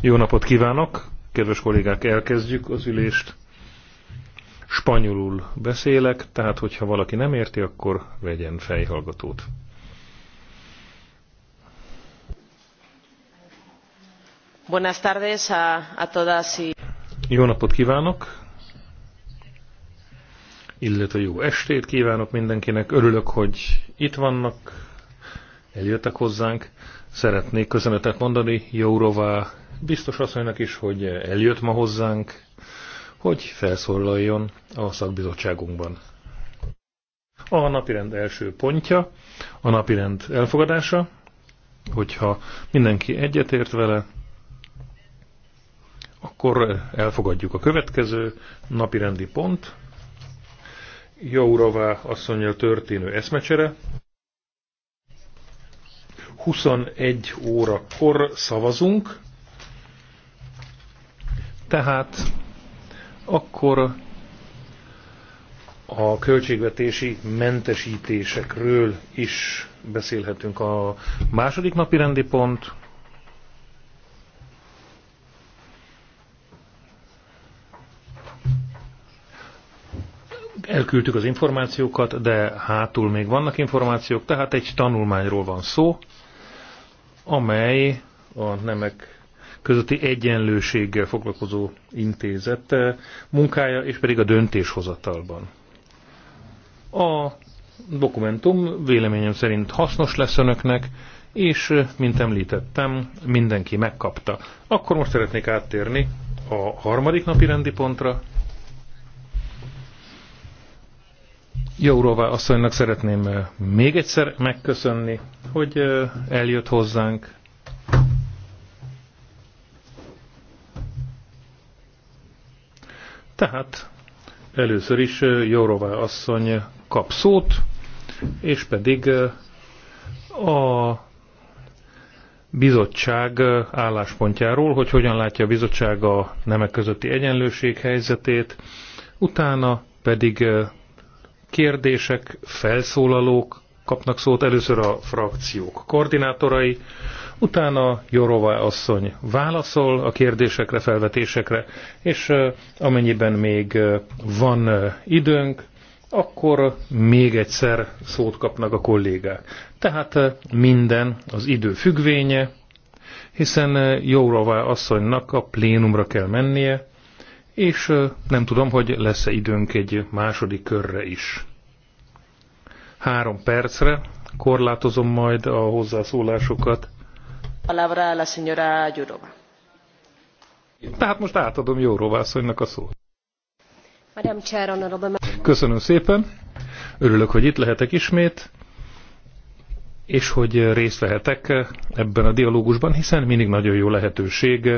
Jó napot kívánok! Kedves kollégák, elkezdjük az ülést. Spanyolul beszélek, tehát hogyha valaki nem érti, akkor vegyen fejhallgatót. Buenas tardes a, a todas y... Jó napot kívánok! Illetve jó estét kívánok mindenkinek. Örülök, hogy itt vannak eljöttek hozzánk. Szeretnék köszönetet mondani Jourová biztos asszonynak is, hogy eljött ma hozzánk, hogy felszólaljon a szakbizottságunkban. A napirend első pontja, a napirend elfogadása, hogyha mindenki egyetért vele, akkor elfogadjuk a következő napirendi pont, Jourová asszonyjal történő eszmecsere, 21 órakor szavazunk, tehát akkor a költségvetési mentesítésekről is beszélhetünk. A második napi rendi pont elküldtük az információkat, de hátul még vannak információk, tehát egy tanulmányról van szó, amely a nemek közötti egyenlőséggel foglalkozó intézet eh, munkája, és pedig a döntéshozatalban. A dokumentum véleményem szerint hasznos lesz önöknek, és eh, mint említettem, mindenki megkapta. Akkor most szeretnék áttérni a harmadik napi rendi pontra, Jóróvá asszonynak szeretném eh, még egyszer megköszönni, hogy eh, eljött hozzánk. Tehát először is eh, Jórová asszony kap szót, és pedig a bizottság álláspontjáról, hogy hogyan látja a bizottság a nemek közötti egyenlőség helyzetét, utána pedig kérdések, felszólalók kapnak szót, először a frakciók koordinátorai, utána Jorova asszony válaszol a kérdésekre, felvetésekre, és amennyiben még van időnk, akkor még egyszer szót kapnak a kollégák. Tehát minden az idő függvénye, hiszen Jórová asszonynak a plénumra kell mennie, és nem tudom, hogy lesz-e időnk egy második körre is. Három percre korlátozom majd a hozzászólásokat. Palabra la señora Jurova. Tehát most átadom Jóróvászonynak a szót. Köszönöm szépen, örülök, hogy itt lehetek ismét, és hogy részt vehetek ebben a dialógusban, hiszen mindig nagyon jó lehetőség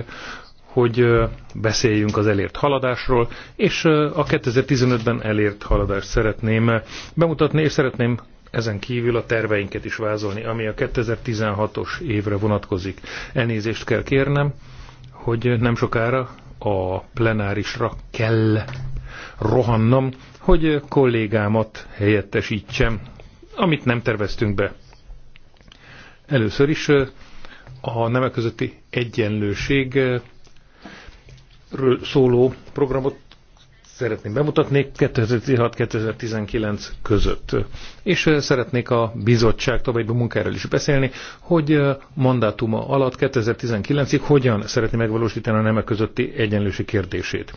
hogy beszéljünk az elért haladásról, és a 2015-ben elért haladást szeretném bemutatni, és szeretném ezen kívül a terveinket is vázolni, ami a 2016-os évre vonatkozik. Elnézést kell kérnem, hogy nem sokára a plenárisra kell rohannom, hogy kollégámat helyettesítsem, amit nem terveztünk be. Először is a nemek közötti egyenlőség ről szóló programot szeretném bemutatni 2016-2019 között. És szeretnék a bizottság további munkáról is beszélni, hogy mandátuma alatt 2019-ig hogyan szeretné megvalósítani a nemek közötti egyenlőség kérdését.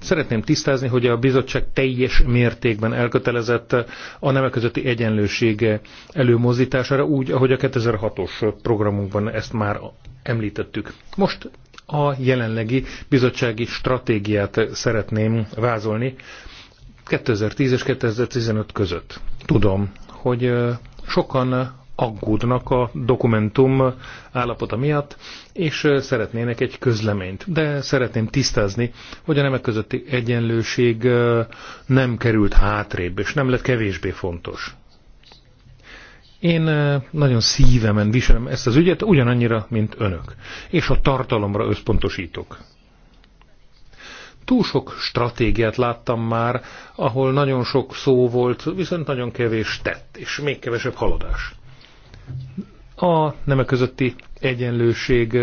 Szeretném tisztázni, hogy a bizottság teljes mértékben elkötelezett a nemek közötti egyenlőség előmozdítására, úgy, ahogy a 2006-os programunkban ezt már említettük. Most a jelenlegi bizottsági stratégiát szeretném vázolni 2010 és 2015 között. Tudom, hogy sokan aggódnak a dokumentum állapota miatt, és szeretnének egy közleményt. De szeretném tisztázni, hogy a nemek közötti egyenlőség nem került hátrébb, és nem lett kevésbé fontos. Én nagyon szívemen viselem ezt az ügyet, ugyanannyira, mint önök. És a tartalomra összpontosítok. Túl sok stratégiát láttam már, ahol nagyon sok szó volt, viszont nagyon kevés tett, és még kevesebb haladás. A nemek közötti egyenlőség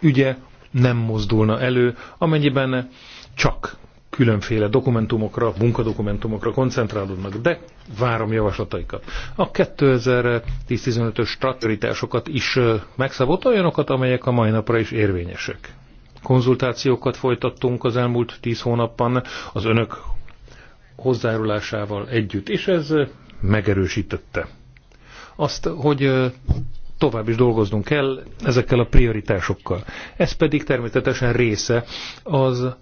ügye nem mozdulna elő, amennyiben csak különféle dokumentumokra, munkadokumentumokra koncentrálódnak, de várom javaslataikat. A 2015. ös stratégiásokat is megszabott olyanokat, amelyek a mai napra is érvényesek. Konzultációkat folytattunk az elmúlt tíz hónapban az önök hozzájárulásával együtt, és ez megerősítette azt, hogy tovább is dolgoznunk kell ezekkel a prioritásokkal. Ez pedig természetesen része az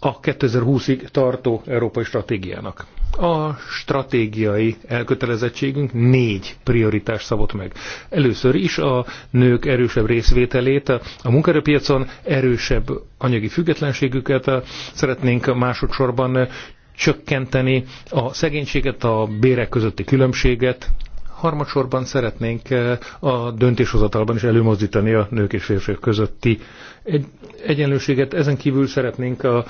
a 2020-ig tartó európai stratégiának. A stratégiai elkötelezettségünk négy prioritás szabott meg. Először is a nők erősebb részvételét, a munkaerőpiacon erősebb anyagi függetlenségüket szeretnénk másodszorban csökkenteni a szegénységet, a bérek közötti különbséget, harmadsorban szeretnénk a döntéshozatalban is előmozdítani a nők és férfiak közötti egy egyenlőséget, ezen kívül szeretnénk a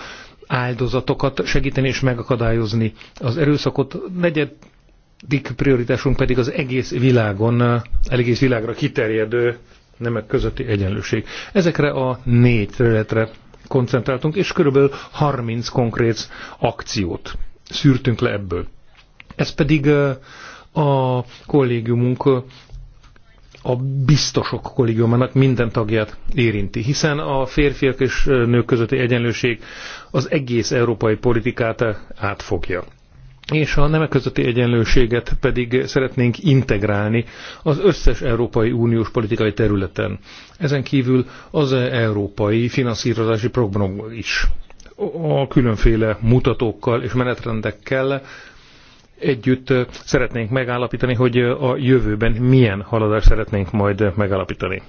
áldozatokat segíteni és megakadályozni az erőszakot. Negyedik prioritásunk pedig az egész világon, egész világra kiterjedő nemek közötti egyenlőség. Ezekre a négy területre koncentráltunk, és körülbelül 30 konkrét akciót szűrtünk le ebből. Ez pedig a kollégiumunk a biztosok kollégiumának minden tagját érinti, hiszen a férfiak és nők közötti egyenlőség az egész európai politikát átfogja. És a nemek közötti egyenlőséget pedig szeretnénk integrálni az összes Európai Uniós politikai területen. Ezen kívül az európai finanszírozási program is a különféle mutatókkal és menetrendekkel együtt szeretnénk megállapítani, hogy a jövőben milyen haladást szeretnénk majd megállapítani.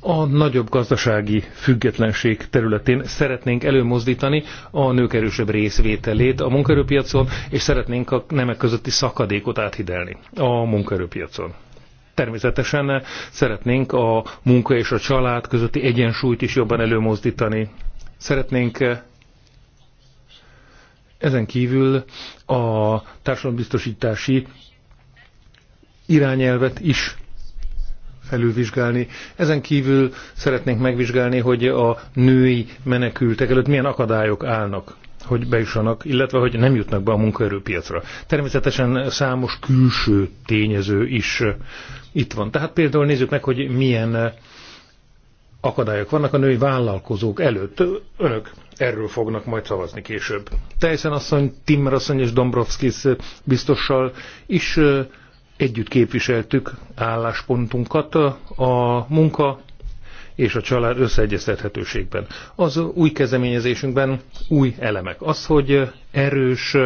A nagyobb gazdasági függetlenség területén szeretnénk előmozdítani a nők erősebb részvételét a munkaerőpiacon, és szeretnénk a nemek közötti szakadékot áthidelni a munkaerőpiacon. Természetesen szeretnénk a munka és a család közötti egyensúlyt is jobban előmozdítani. Szeretnénk ezen kívül a társadalombiztosítási irányelvet is felülvizsgálni. Ezen kívül szeretnénk megvizsgálni, hogy a női menekültek előtt milyen akadályok állnak hogy bejussanak, illetve hogy nem jutnak be a munkaerőpiacra. Természetesen számos külső tényező is itt van. Tehát például nézzük meg, hogy milyen akadályok vannak a női vállalkozók előtt. Önök erről fognak majd szavazni később. Teljesen asszony, Timmer asszony és Dombrovskis biztossal is együtt képviseltük álláspontunkat a munka és a család összeegyeztethetőségben. Az új kezdeményezésünkben új elemek. Az, hogy erős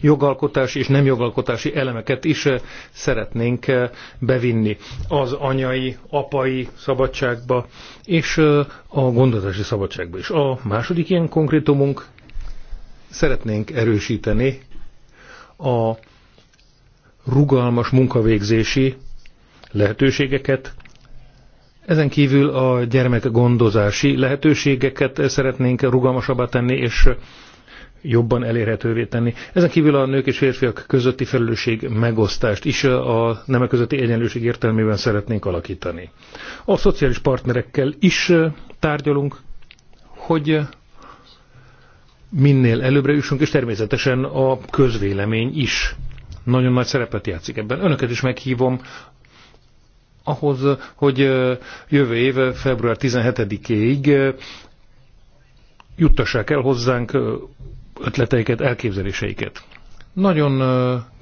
jogalkotási és nem jogalkotási elemeket is eh, szeretnénk eh, bevinni az anyai, apai szabadságba és eh, a gondozási szabadságba is. A második ilyen konkrétumunk szeretnénk erősíteni a rugalmas munkavégzési lehetőségeket, ezen kívül a gyermek gondozási lehetőségeket szeretnénk rugalmasabbá tenni, és jobban elérhetővé tenni. Ezen kívül a nők és férfiak közötti felelősség megosztást is a nemek közötti egyenlőség értelmében szeretnénk alakítani. A szociális partnerekkel is tárgyalunk, hogy minél előbbre jussunk, és természetesen a közvélemény is nagyon nagy szerepet játszik ebben. Önöket is meghívom ahhoz, hogy jövő év február 17-ig juttassák el hozzánk ötleteiket, elképzeléseiket. Nagyon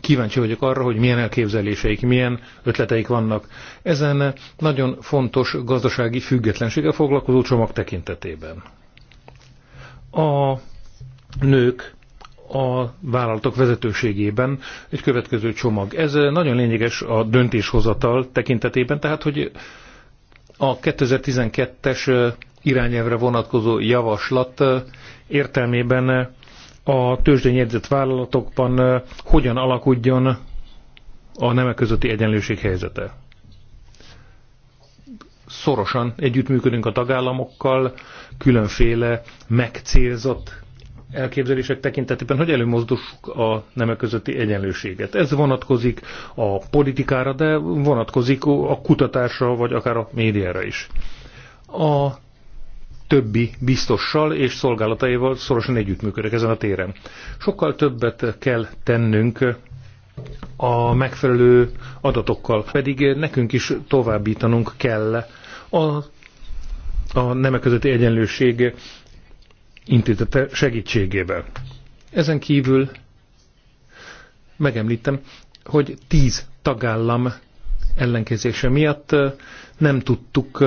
kíváncsi vagyok arra, hogy milyen elképzeléseik, milyen ötleteik vannak ezen nagyon fontos gazdasági függetlenséggel foglalkozó csomag tekintetében. A nők a vállalatok vezetőségében egy következő csomag. Ez nagyon lényeges a döntéshozatal tekintetében, tehát hogy a 2012-es irányelvre vonatkozó javaslat értelmében a tőzsdén jegyzett vállalatokban hogyan alakuljon a nemek közötti egyenlőség helyzete. Szorosan együttműködünk a tagállamokkal, különféle megcélzott elképzelések tekintetében, hogy előmozdussuk a nemek közötti egyenlőséget. Ez vonatkozik a politikára, de vonatkozik a kutatásra, vagy akár a médiára is. A többi biztossal és szolgálataival szorosan együttműködök ezen a téren. Sokkal többet kell tennünk a megfelelő adatokkal, pedig nekünk is továbbítanunk kell a, a nemek közötti egyenlőség intézete segítségével. Ezen kívül megemlítem, hogy tíz tagállam ellenkezése miatt nem tudtuk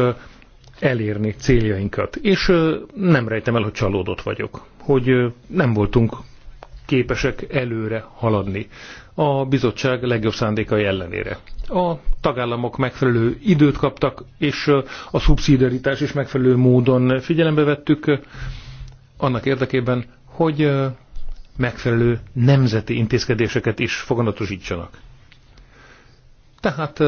elérni céljainkat. És nem rejtem el, hogy csalódott vagyok, hogy nem voltunk képesek előre haladni a bizottság legjobb szándékai ellenére. A tagállamok megfelelő időt kaptak, és a szubszidiaritás is megfelelő módon figyelembe vettük annak érdekében, hogy megfelelő nemzeti intézkedéseket is foganatosítsanak. Tehát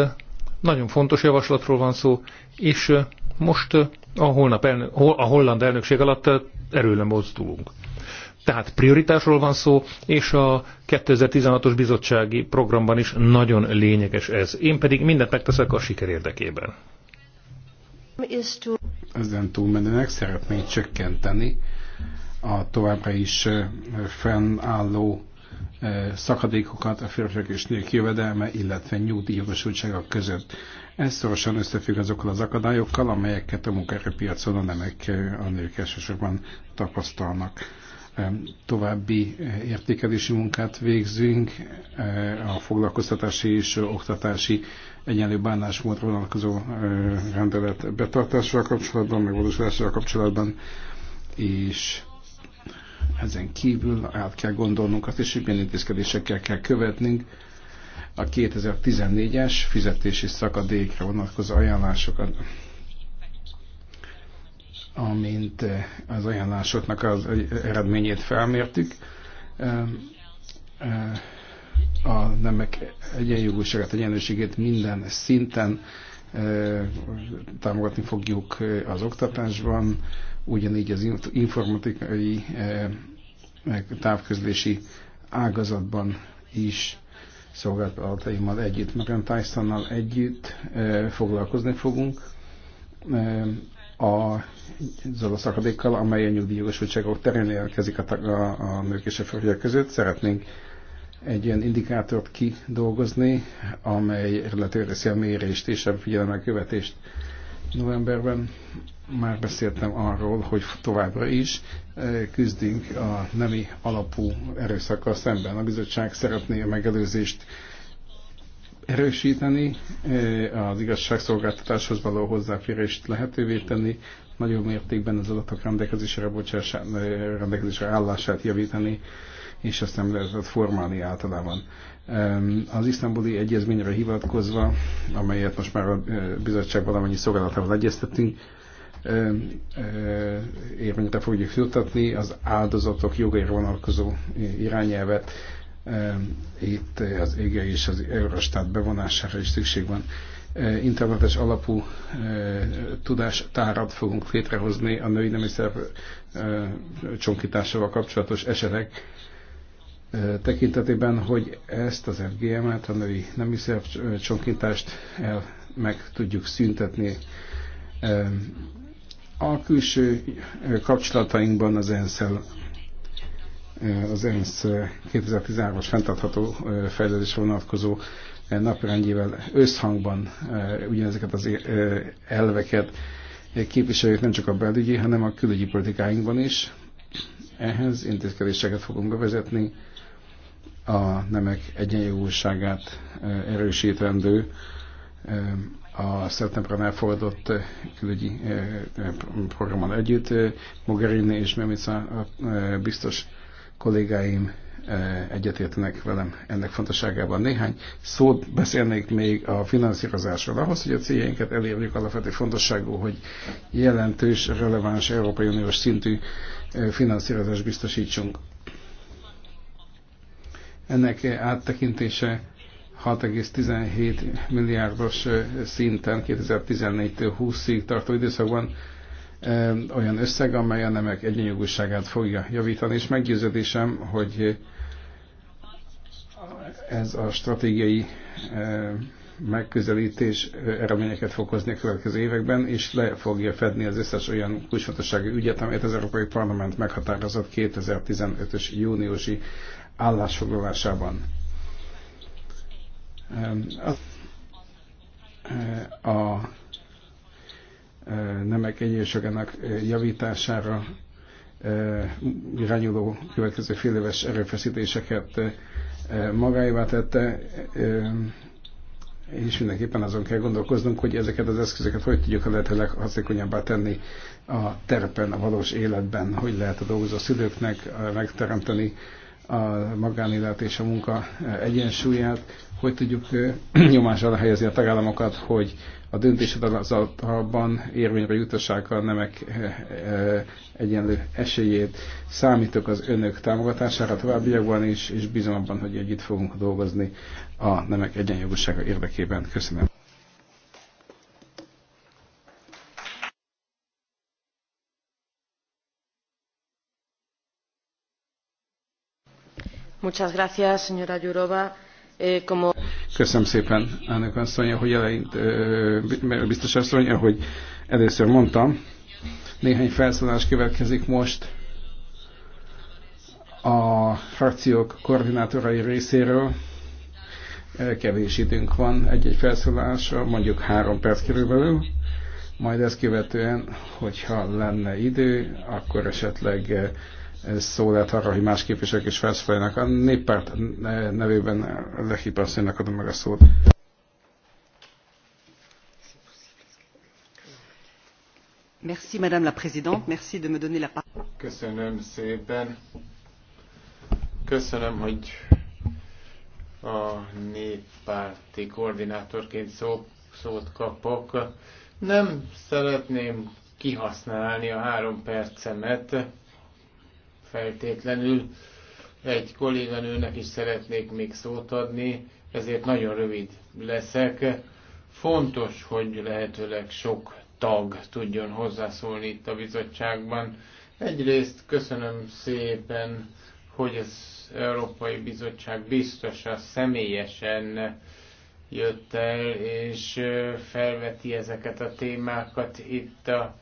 nagyon fontos javaslatról van szó, és most a, holnap elnök, a holland elnökség alatt erőre mozdulunk. Tehát prioritásról van szó, és a 2016-os bizottsági programban is nagyon lényeges ez. Én pedig mindent megteszek a siker érdekében. Ezen túlmenőnek szeretnénk csökkenteni a továbbra is fennálló szakadékokat a férfiak és nők jövedelme, illetve nyugdíjjogosultságok között. Ez szorosan összefügg azokkal az akadályokkal, amelyeket a munkaerőpiacon a nemek, a nők elsősorban tapasztalnak. További eh, értékelési munkát végzünk, eh, a foglalkoztatási és oktatási egyenlő bánásmódra vonatkozó eh, rendelet betartásával kapcsolatban, megvalósulásával kapcsolatban, és ezen kívül át kell gondolnunk azt is, hogy milyen intézkedésekkel kell követnünk, a 2014-es fizetési szakadékra vonatkozó ajánlásokat, amint eh, az ajánlásoknak az eredményét felmértük. Eh, a nemek egyenjogúságát, egyenlőségét minden szinten eh, támogatni fogjuk az oktatásban, ugyanígy az informatikai távközlési ágazatban is szolgálataimmal együtt, Marian Tysonnal együtt foglalkozni fogunk azzal a szakadékkal, amely a nyugdíjogosultságok terén érkezik a, a, a nők és a férfiak között. Szeretnénk egy ilyen indikátort kidolgozni, amely illetőre a mérést és a figyelemelkövetést követést novemberben már beszéltem arról, hogy továbbra is eh, küzdünk a nemi alapú erőszakkal szemben. A bizottság szeretné a megelőzést erősíteni, eh, az igazságszolgáltatáshoz való hozzáférést lehetővé tenni, nagyobb mértékben az adatok rendelkezésre, bocsásá, eh, rendelkezésre állását javítani, és aztán nem lehetett formálni általában. Az isztambuli egyezményre hivatkozva, amelyet most már a eh, bizottság valamennyi szolgálatával egyeztettünk, eh, érvényre fogjuk jutatni az áldozatok jogaira vonatkozó irányelvet. Itt az ége és az Eurostát bevonására is szükség van eh, internetes alapú tudástárat fogunk létrehozni a női nemi szerv csonkításával kapcsolatos esetek tekintetében, hogy ezt az FGM-et, a női nemi csonkítást el meg tudjuk szüntetni. A külső kapcsolatainkban az ensz az ENSZ 2013-as fenntartható fejlődésre vonatkozó napirendjével összhangban ugyanezeket az elveket képviseljük nem csak a belügyi, hanem a külügyi politikáinkban is. Ehhez intézkedéseket fogunk bevezetni, a nemek egyenjogúságát erősítendő a szeptemberben elfogadott külügyi programon együtt. Mogherini és Memica biztos kollégáim egyetértenek velem ennek fontosságában. Néhány szót beszélnék még a finanszírozásról. Ahhoz, hogy a céljainkat elérjük, alapvető fontosságú, hogy jelentős, releváns Európai Uniós szintű finanszírozást biztosítsunk. Ennek áttekintése 6,17 milliárdos szinten 2014-től 20-ig tartó időszakban olyan összeg, amely a nemek egyenjogúságát fogja javítani, és meggyőződésem, hogy ez a stratégiai megközelítés eredményeket fog hozni a következő években, és le fogja fedni az összes olyan kulcsfontosságú ügyet, amelyet az Európai Parlament meghatározott 2015-ös júniusi állásfoglalásában. A e, e, nemek egyensúlyának javítására e, irányuló következő fél éves erőfeszítéseket magáévá tette, és mindenképpen azon kell gondolkoznunk, hogy ezeket az eszközöket hogy tudjuk a lehető leghatékonyabbá tenni a terpen, a valós életben, hogy lehet a dolgozó szülőknek megteremteni a magánélet és a munka e, egyensúlyát, hogy tudjuk e, nyomás alá helyezni a tagállamokat, hogy a döntéshozatalban érvényre jutassák a nemek e, egyenlő esélyét. Számítok az önök támogatására továbbiakban is, és bízom abban, hogy együtt fogunk dolgozni a nemek egyenjogúsága érdekében. Köszönöm. Eh, Köszönöm szépen, elnök asszony, hogy eleint, biztos asszony, ahogy először mondtam, néhány felszólás következik most a frakciók koordinátorai részéről. Kevés időnk van egy-egy felszólásra, mondjuk három perc körülbelül. Majd ezt követően, hogyha lenne idő, akkor esetleg szó lehet arra, hogy más képviselők is felszólaljanak. A néppárt nevében Lechip asszonynak adom meg a szót. Merci, Madame la Présidente. Merci de me donner la parole. Köszönöm szépen. Köszönöm, hogy a néppárti koordinátorként szó, szót kapok. Nem szeretném kihasználni a három percemet, feltétlenül. Egy kolléganőnek is szeretnék még szót adni, ezért nagyon rövid leszek. Fontos, hogy lehetőleg sok tag tudjon hozzászólni itt a bizottságban. Egyrészt köszönöm szépen, hogy az Európai Bizottság biztosan személyesen jött el, és felveti ezeket a témákat itt a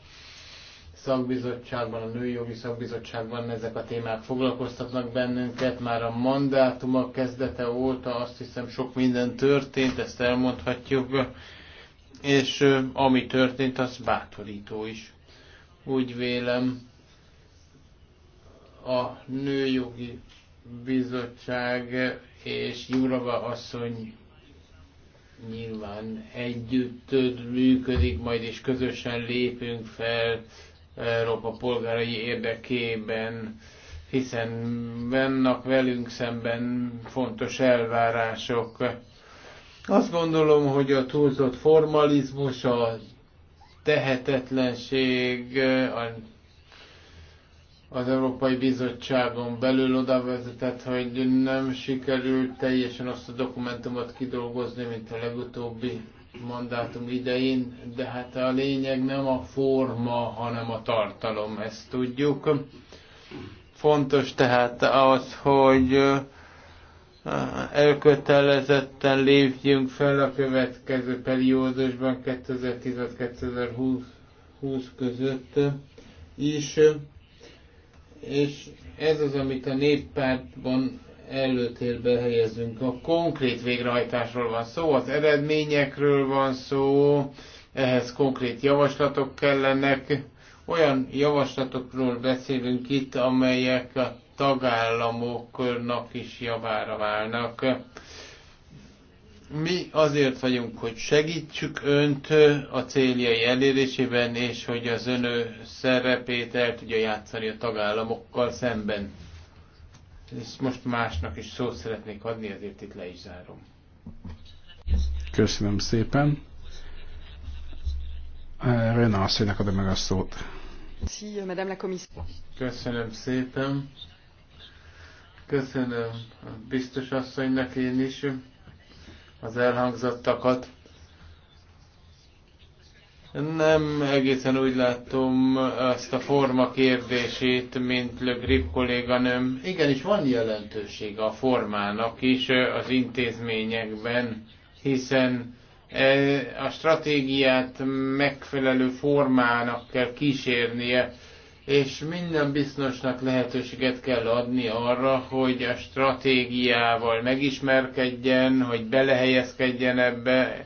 szakbizottságban, a női jogi szakbizottságban ezek a témák foglalkoztatnak bennünket. Már a mandátuma kezdete óta azt hiszem sok minden történt, ezt elmondhatjuk, és ami történt, az bátorító is. Úgy vélem, a nőjogi bizottság és Jurava asszony nyilván együtt működik, majd és közösen lépünk fel Európa polgárai érdekében, hiszen vannak velünk szemben fontos elvárások. Azt gondolom, hogy a túlzott formalizmus, a tehetetlenség az Európai Bizottságon belül oda vezetett, hogy nem sikerült teljesen azt a dokumentumot kidolgozni, mint a legutóbbi mandátum idején, de hát a lényeg nem a forma, hanem a tartalom, ezt tudjuk. Fontos tehát az, hogy elkötelezetten lépjünk fel a következő periódusban 2010-2020 között is, és ez az, amit a néppártban előtérbe helyezzünk. A konkrét végrehajtásról van szó, az eredményekről van szó, ehhez konkrét javaslatok kellenek. Olyan javaslatokról beszélünk itt, amelyek a tagállamoknak is javára válnak. Mi azért vagyunk, hogy segítsük Önt a céljai elérésében, és hogy az Önő szerepét el tudja játszani a tagállamokkal szemben. Ezt most másnak is szót szeretnék adni, ezért itt le is zárom. Köszönöm szépen. Réna asszonynak adom meg a szót. Euh, Köszönöm szépen. Köszönöm biztos asszonynak én is az elhangzottakat. Nem egészen úgy látom ezt a forma kérdését, mint Le Grip kolléganőm. Igenis van jelentősége a formának is az intézményekben, hiszen e, a stratégiát megfelelő formának kell kísérnie, és minden biztosnak lehetőséget kell adni arra, hogy a stratégiával megismerkedjen, hogy belehelyezkedjen ebbe,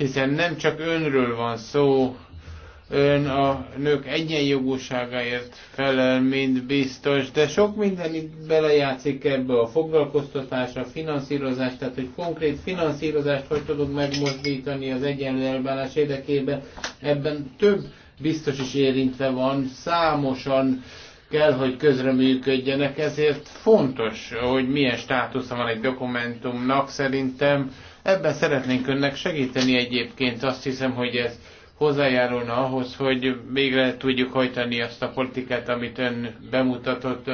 hiszen nem csak önről van szó, ön a nők egyenjogúságáért felel, mint biztos, de sok minden itt belejátszik ebbe a foglalkoztatás, a finanszírozás, tehát hogy konkrét finanszírozást hogy tudunk megmozdítani az egyenlő elbánás érdekében, ebben több biztos is érintve van, számosan kell, hogy közreműködjenek, ezért fontos, hogy milyen státusza van egy dokumentumnak szerintem, Ebben szeretnénk önnek segíteni egyébként. Azt hiszem, hogy ez hozzájárulna ahhoz, hogy végre tudjuk hajtani azt a politikát, amit ön bemutatott.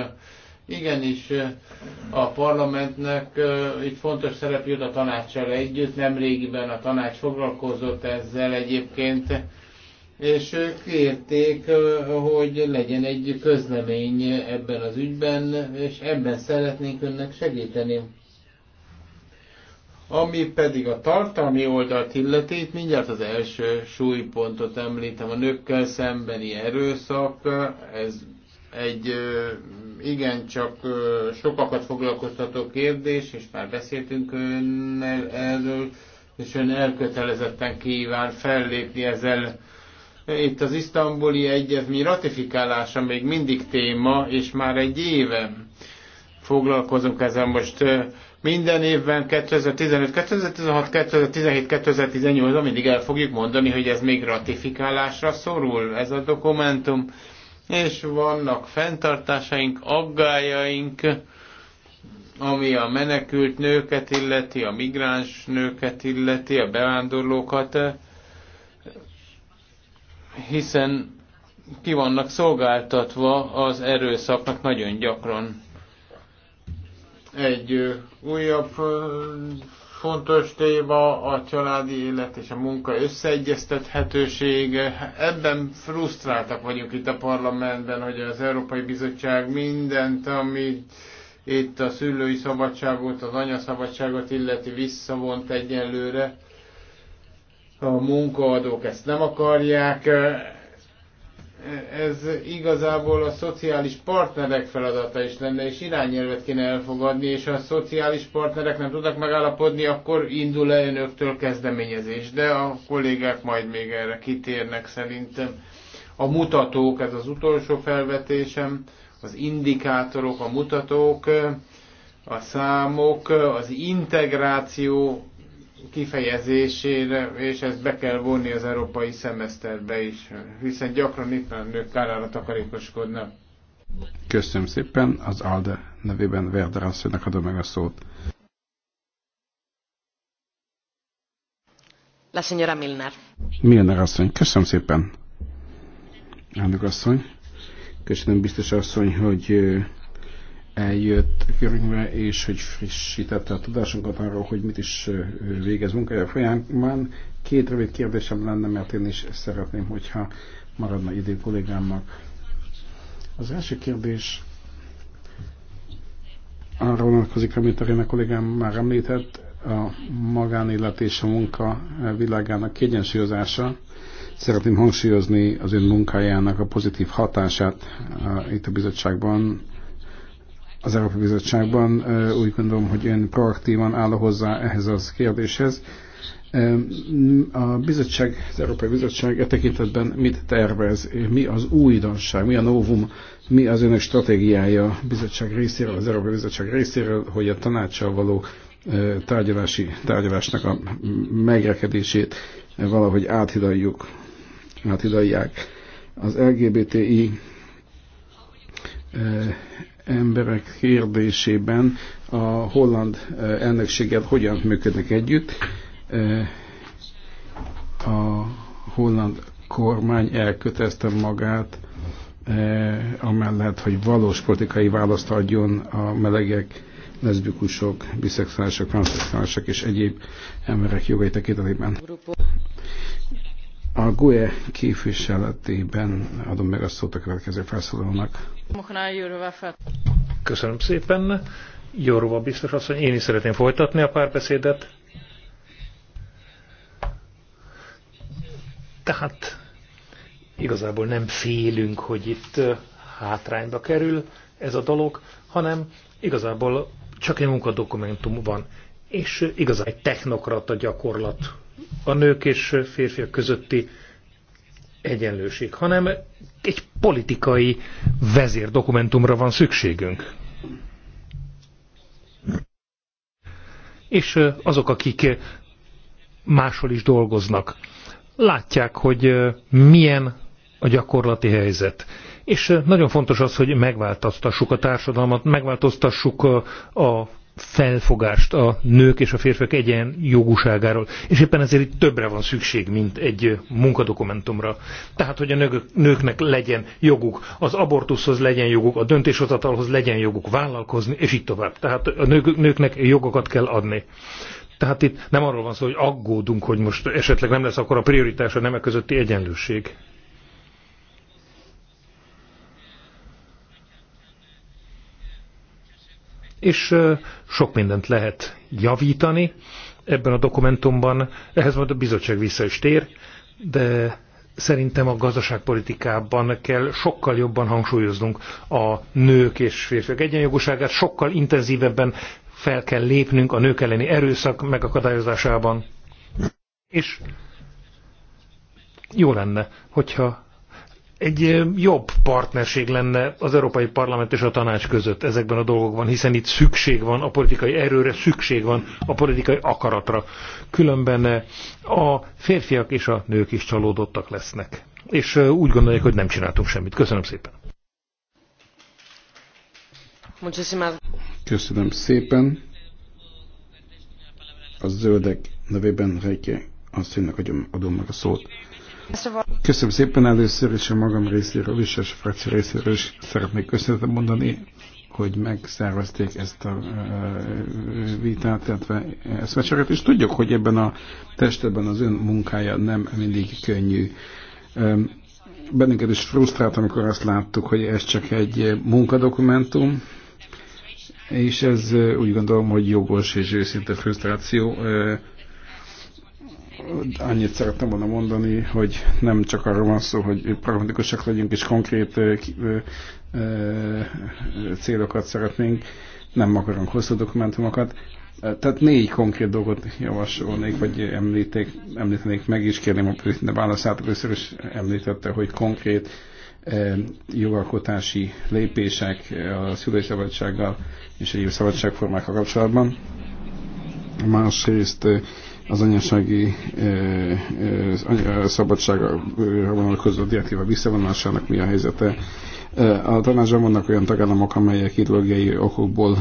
Igenis, a parlamentnek itt fontos szerep jut a tanácssal együtt, nem régiben a tanács foglalkozott ezzel egyébként, és ők kérték, hogy legyen egy közlemény ebben az ügyben, és ebben szeretnénk önnek segíteni. Ami pedig a tartalmi oldalt illeti, mindjárt az első súlypontot említem, a nőkkel szembeni erőszak, ez egy igen csak sokakat foglalkoztató kérdés, és már beszéltünk önnel erről, és ön elkötelezetten kíván fellépni ezzel. Itt az isztambuli egyezmény ratifikálása még mindig téma, és már egy éve foglalkozunk ezzel most minden évben 2015, 2016, 2017, 2018, ra mindig el fogjuk mondani, hogy ez még ratifikálásra szorul, ez a dokumentum. És vannak fenntartásaink, aggájaink, ami a menekült nőket illeti, a migráns nőket illeti, a bevándorlókat, hiszen ki vannak szolgáltatva az erőszaknak nagyon gyakran. Egy újabb fontos téma a családi élet és a munka összeegyeztethetősége. Ebben frusztráltak vagyunk itt a parlamentben, hogy az Európai Bizottság mindent, amit itt a szülői szabadságot, az anyaszabadságot illeti visszavont egyenlőre. A munkaadók ezt nem akarják, ez igazából a szociális partnerek feladata is lenne, és irányelvet kéne elfogadni, és ha a szociális partnerek nem tudnak megállapodni, akkor indul el önöktől kezdeményezés, de a kollégák majd még erre kitérnek szerintem. A mutatók, ez az utolsó felvetésem, az indikátorok, a mutatók, a számok, az integráció kifejezésére, és ezt be kell vonni az európai szemeszterbe is, hiszen gyakran itt a nők kárára takarékoskodnak. Köszönöm szépen, az ALDE nevében Verder asszonynak adom meg a szót. La señora Milner. Milner asszony, köszönöm szépen. Elnök asszony, köszönöm biztos asszony, hogy eljött körünkbe, és hogy frissítette a tudásunkat arról, hogy mit is végez munkája folyamán. Két rövid kérdésem lenne, mert én is szeretném, hogyha maradna idő kollégámnak. Az első kérdés arról vonatkozik, amit a Réna kollégám már említett, a magánélet és a munka világának kiegyensúlyozása. Szeretném hangsúlyozni az ön munkájának a pozitív hatását itt a bizottságban, az Európai Bizottságban. Úgy gondolom, hogy ön proaktívan áll hozzá ehhez az kérdéshez. A bizottság, az Európai Bizottság e tekintetben mit tervez? Mi az újdonság, mi a novum, mi az önök stratégiája a bizottság részéről, az Európai Bizottság részéről, hogy a tanácssal való tárgyalási, tárgyalásnak a megrekedését valahogy áthidaljuk, áthidalják. Az LGBTI emberek kérdésében a holland eh, elnökséggel hogyan működnek együtt. Eh, a holland kormány elkötelezte magát eh, amellett, hogy valós politikai választ adjon a melegek, leszbikusok, biszexuálisok, transzexuálisok és egyéb emberek jogai tekintetében. A GUE képviseletében adom meg a szót a következő felszólalónak. Köszönöm szépen. Jóróba biztos asszony, én is szeretném folytatni a párbeszédet. Tehát igazából nem félünk, hogy itt hátrányba kerül ez a dolog, hanem igazából csak egy munkadokumentum van. És igazából egy technokrata gyakorlat a nők és férfiak közötti egyenlőség, hanem egy politikai vezérdokumentumra van szükségünk. És azok, akik máshol is dolgoznak, látják, hogy milyen a gyakorlati helyzet. És nagyon fontos az, hogy megváltoztassuk a társadalmat, megváltoztassuk a felfogást a nők és a férfiak egyen jogúságáról, és éppen ezért itt többre van szükség, mint egy munkadokumentumra. Tehát, hogy a nőknek legyen joguk, az abortuszhoz legyen joguk, a döntéshozatalhoz legyen joguk vállalkozni, és így tovább. Tehát a nők, nőknek jogokat kell adni. Tehát itt nem arról van szó, hogy aggódunk, hogy most esetleg nem lesz akkor a prioritás a nemek közötti egyenlőség. és sok mindent lehet javítani ebben a dokumentumban, ehhez majd a bizottság vissza is tér, de szerintem a gazdaságpolitikában kell sokkal jobban hangsúlyoznunk a nők és férfiak egyenjogúságát, sokkal intenzívebben fel kell lépnünk a nők elleni erőszak megakadályozásában. És jó lenne, hogyha egy jobb partnerség lenne az Európai Parlament és a tanács között ezekben a dolgokban, hiszen itt szükség van a politikai erőre, szükség van a politikai akaratra. Különben a férfiak és a nők is csalódottak lesznek. És úgy gondolják, hogy nem csináltunk semmit. Köszönöm szépen. Köszönöm szépen. A zöldek nevében Reike asszonynak adom meg a szót. Köszönöm szépen először is a magam részéről is, és a frakció részéről is szeretnék köszönetet mondani, hogy megszervezték ezt a vitát, illetve eszmecseret, és tudjuk, hogy ebben a testben az ön munkája nem mindig könnyű bennünket is frusztrált, amikor azt láttuk, hogy ez csak egy munkadokumentum, és ez úgy gondolom, hogy jogos és őszinte frusztráció annyit szerettem volna mondani, hogy nem csak arról van szó, hogy pragmatikusak legyünk és konkrét célokat szeretnénk, nem akarunk hosszú dokumentumokat. Tehát négy konkrét dolgot javasolnék, vagy említék, említenék meg, is kérném a válaszát. Először is említette, hogy konkrét jogalkotási lépések a szülői szabadsággal és egyéb szabadságformákkal kapcsolatban. Másrészt az anyasági szabadságra vonalkozó direktíva visszavonásának mi a helyzete. A tanácsban vannak olyan tagállamok, amelyek ideológiai okokból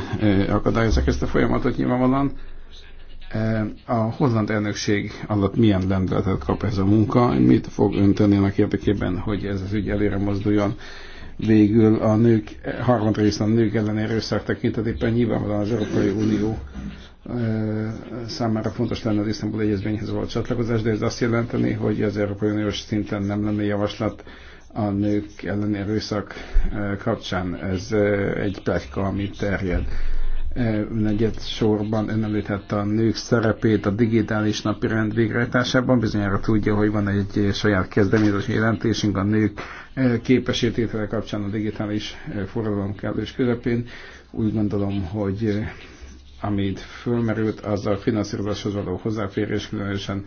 akadályozzák ezt a folyamatot nyilvánvalóan. A holland elnökség alatt milyen lendületet kap ez a munka? Mit fog önteni annak érdekében, hogy ez az ügy előre mozduljon? Végül a nők, harmadrészt a nők ellen erőszak tekintetében nyilvánvalóan az Európai Unió számára fontos lenne az Isztambul Egyezményhez való csatlakozás, de ez azt jelenteni, hogy az Európai Uniós szinten nem lenne javaslat a nők elleni erőszak kapcsán. Ez egy plegyka, ami terjed. Negyed sorban ön a nők szerepét a digitális napi rend végrehajtásában. Bizonyára tudja, hogy van egy saját kezdeményezési jelentésünk a nők képesítétele kapcsán a digitális forradalom kellős közepén. Úgy gondolom, hogy amit fölmerült, az a finanszírozáshoz való hozzáférés, különösen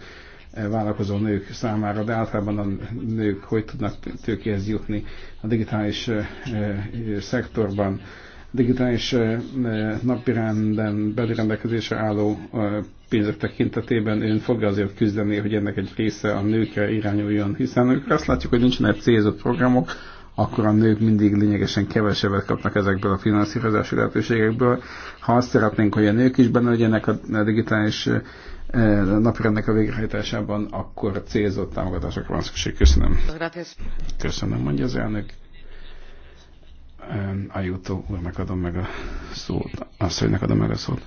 eh, vállalkozó nők számára, de általában a nők hogy tudnak tőkéhez jutni a digitális eh, eh, szektorban. Digitális napirenden belirendelkezésre álló pénzek tekintetében ön fogja azért küzdeni, hogy ennek egy része a nőkre irányuljon, hiszen azt látjuk, hogy nincsenek célzott programok, akkor a nők mindig lényegesen kevesebbet kapnak ezekből a finanszírozási lehetőségekből. Ha azt szeretnénk, hogy a nők is benne legyenek a digitális napirendnek a végrehajtásában, akkor célzott támogatásokra van szükség. Köszönöm. Köszönöm, mondja az elnök. jutó úrnak adom meg a szót, asszonynak adom meg a szót.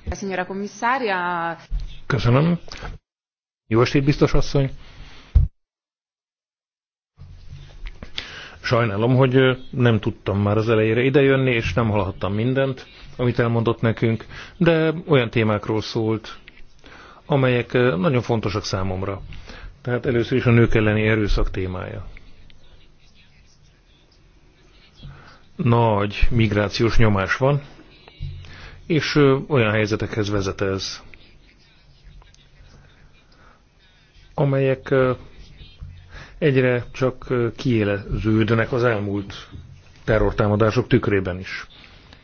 Köszönöm. Jó estét, biztos asszony. Sajnálom, hogy nem tudtam már az elejére idejönni, és nem hallhattam mindent, amit elmondott nekünk, de olyan témákról szólt, amelyek nagyon fontosak számomra. Tehát először is a nők elleni erőszak témája. Nagy migrációs nyomás van, és olyan helyzetekhez vezet ez, amelyek egyre csak kiéleződnek az elmúlt terrortámadások tükrében is.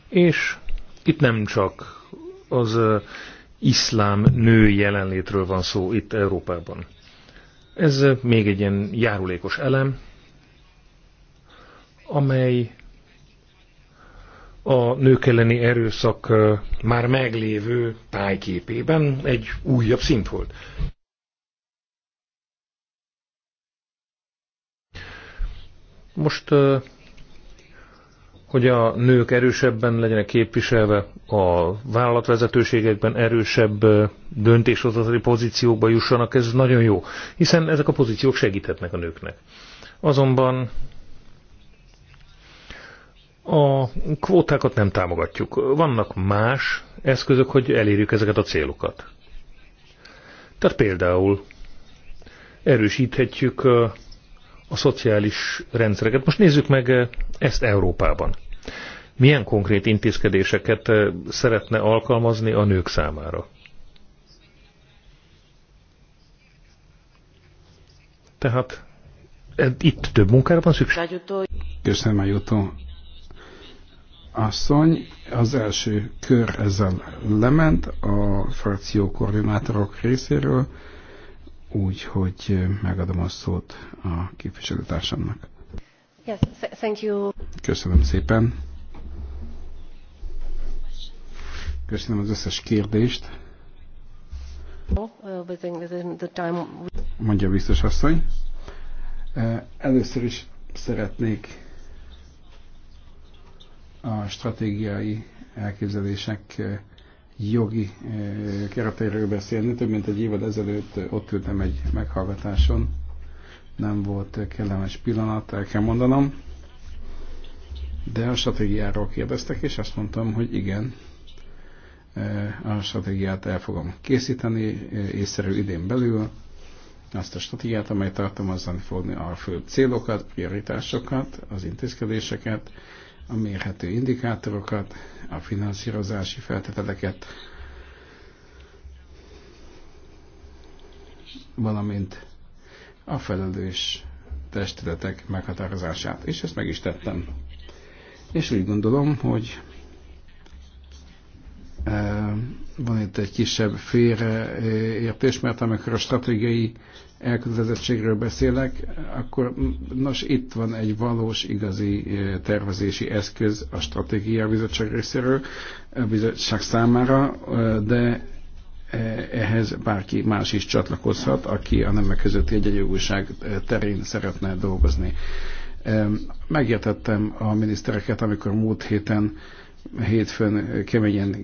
És itt nem csak az iszlám nő jelenlétről van szó itt Európában. Ez még egy ilyen járulékos elem, amely a nők elleni erőszak már meglévő tájképében egy újabb szint volt. Most, hogy a nők erősebben legyenek képviselve, a vállalatvezetőségekben erősebb döntéshozatali pozíciókba jussanak, ez nagyon jó, hiszen ezek a pozíciók segíthetnek a nőknek. Azonban a kvótákat nem támogatjuk. Vannak más eszközök, hogy elérjük ezeket a célokat. Tehát például erősíthetjük a szociális rendszereket. Most nézzük meg eh, ezt Európában. Milyen konkrét intézkedéseket eh, szeretne alkalmazni a nők számára? Tehát eh, itt több munkára van szükség. Köszönöm, Ajutó asszony. Az első kör ezzel lement a frakció koordinátorok részéről úgy, hogy megadom a szót a képviselőtársamnak. Yes, thank you. Köszönöm szépen. Köszönöm az összes kérdést. Uh, Mondja biztos asszony. Uh, először is szeretnék a stratégiai elképzelések uh, jogi kereteiről beszélni. Több mint egy évad ezelőtt ott ültem egy meghallgatáson. Nem volt kellemes pillanat, el kell mondanom. De a stratégiáról kérdeztek, és azt mondtam, hogy igen, a stratégiát el fogom készíteni észszerű idén belül, azt a stratégiát, amely tartalmazni fogni a fő célokat, prioritásokat, az intézkedéseket, a mérhető indikátorokat, a finanszírozási feltételeket, valamint a felelős testületek meghatározását, és ezt meg is tettem. És úgy gondolom, hogy e, van itt egy kisebb félreértés, mert amikor a stratégiai elkötelezettségről beszélek, akkor nos, itt van egy valós, igazi eh, tervezési eszköz a stratégia bizottság részéről, a bizottság számára, eh, de eh, ehhez bárki más is csatlakozhat, aki a nemek közötti egyenjogúság terén szeretne dolgozni. Megértettem a minisztereket, amikor múlt héten, hétfőn keményen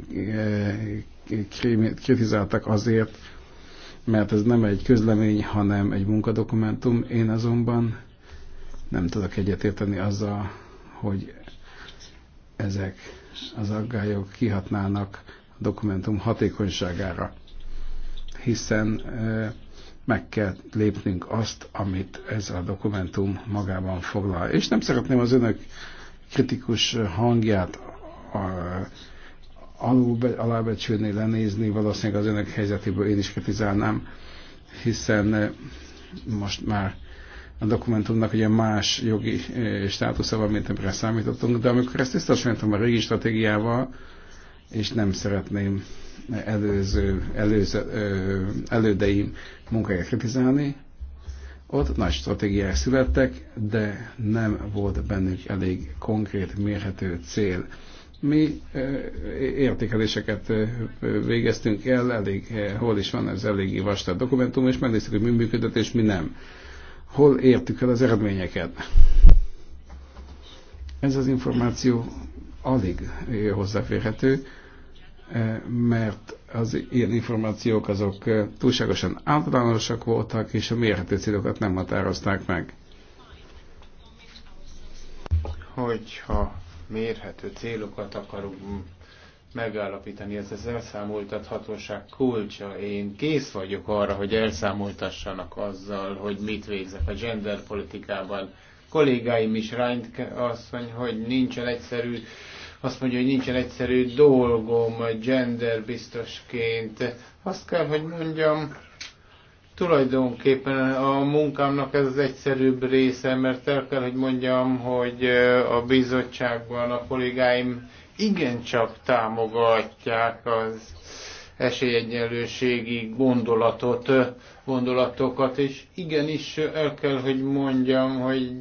kritizáltak azért, mert ez nem egy közlemény, hanem egy munkadokumentum. Én azonban nem tudok egyetérteni azzal, hogy ezek az aggályok kihatnának a dokumentum hatékonyságára, hiszen meg kell lépnünk azt, amit ez a dokumentum magában foglal. És nem szeretném az önök kritikus hangját alul, alábecsülni, lenézni, valószínűleg az önök helyzetéből én is kritizálnám, hiszen eh, most már a dokumentumnak ugye más jogi eh, státusza van, mint amire számítottunk, de amikor ezt összehasonlítom a régi stratégiával, és nem szeretném előző, előző, eh, elődeim munkáját kritizálni, ott nagy stratégiák születtek, de nem volt bennük elég konkrét, mérhető cél mi értékeléseket végeztünk el, elég, hol is van ez eléggé vastag dokumentum, és megnéztük, hogy mi működött és mi nem. Hol értük el az eredményeket. Ez az információ alig hozzáférhető, mert az ilyen információk azok túlságosan általánosak voltak, és a mérhető célokat nem határozták meg. Hogyha mérhető célokat akarunk megállapítani. Ez az elszámoltathatóság kulcsa. Én kész vagyok arra, hogy elszámoltassanak azzal, hogy mit végzek a genderpolitikában. Kollégáim is azt mondja, hogy nincsen egyszerű, azt mondja, hogy nincsen egyszerű dolgom gender biztosként. Azt kell, hogy mondjam, Tulajdonképpen a munkámnak ez az egyszerűbb része, mert el kell, hogy mondjam, hogy a bizottságban a kollégáim igencsak támogatják az esélyegyenlőségi gondolatot gondolatokat, és igenis el kell, hogy mondjam, hogy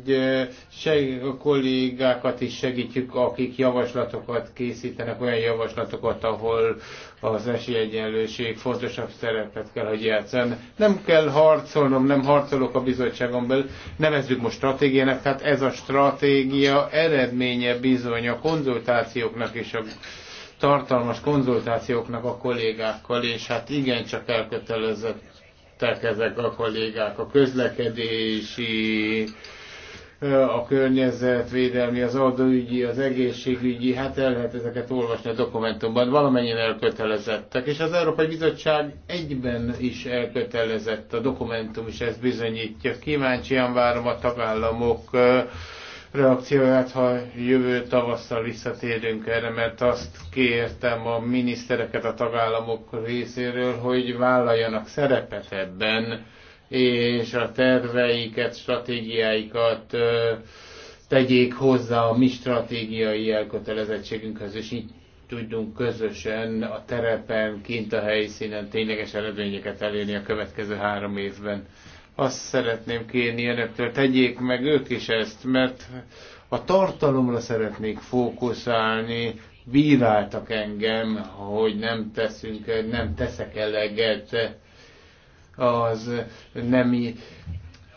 eh, a kollégákat is segítjük, akik javaslatokat készítenek, olyan javaslatokat, ahol az esélyegyenlőség fontosabb szerepet kell, hogy játszan. Nem kell harcolnom, nem harcolok a bizottságon belül, nevezzük most stratégiának, tehát ez a stratégia eredménye bizony a konzultációknak és a tartalmas konzultációknak a kollégákkal, és hát igencsak elkötelezett tettek ezek a kollégák. A közlekedési, a környezetvédelmi, az adóügyi, az egészségügyi, hát el lehet ezeket olvasni a dokumentumban, valamennyien elkötelezettek, és az Európai Bizottság egyben is elkötelezett, a dokumentum és ezt bizonyítja. Kíváncsian várom a tagállamok reakcióját, ha jövő tavasszal visszatérünk erre, mert azt kértem a minisztereket a tagállamok részéről, hogy vállaljanak szerepet ebben, és a terveiket, stratégiáikat tegyék hozzá a mi stratégiai elkötelezettségünkhöz, és így tudjunk közösen a terepen, kint a helyszínen tényleges eredményeket elérni a következő három évben. Azt szeretném kérni önöktől, tegyék meg ők is ezt, mert a tartalomra szeretnék fókuszálni, bíráltak engem, hogy nem teszünk, nem teszek eleget az nemi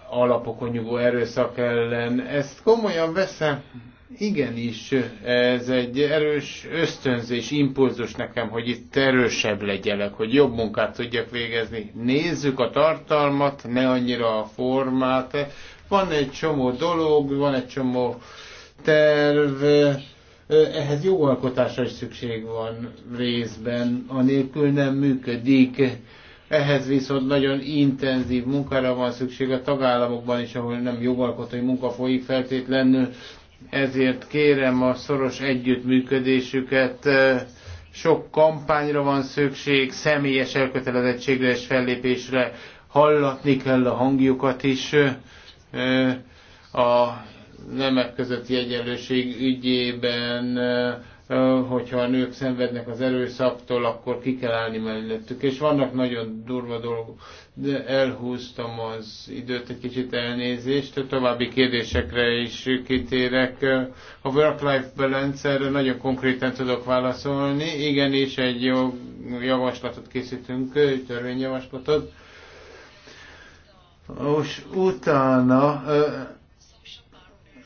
alapokon nyugó erőszak ellen. Ezt komolyan veszem, Igenis, ez egy erős ösztönzés, impulzus nekem, hogy itt erősebb legyek, hogy jobb munkát tudjak végezni. Nézzük a tartalmat, ne annyira a formát. Van egy csomó dolog, van egy csomó terv, ehhez alkotásra is szükség van részben, anélkül nem működik. Ehhez viszont nagyon intenzív munkára van szükség a tagállamokban is, ahol nem jogalkotói munka folyik feltétlenül ezért kérem a szoros együttműködésüket. Sok kampányra van szükség, személyes elkötelezettségre és fellépésre hallatni kell a hangjukat is. A nemek közötti egyenlőség ügyében, hogyha a nők szenvednek az erőszaktól, akkor ki kell állni mellettük. És vannak nagyon durva dolgok, de elhúztam az időt, egy kicsit elnézést, a további kérdésekre is kitérek. A work-life balance nagyon konkrétan tudok válaszolni. Igen, és egy javaslatot készítünk, törvényjavaslatot. Most utána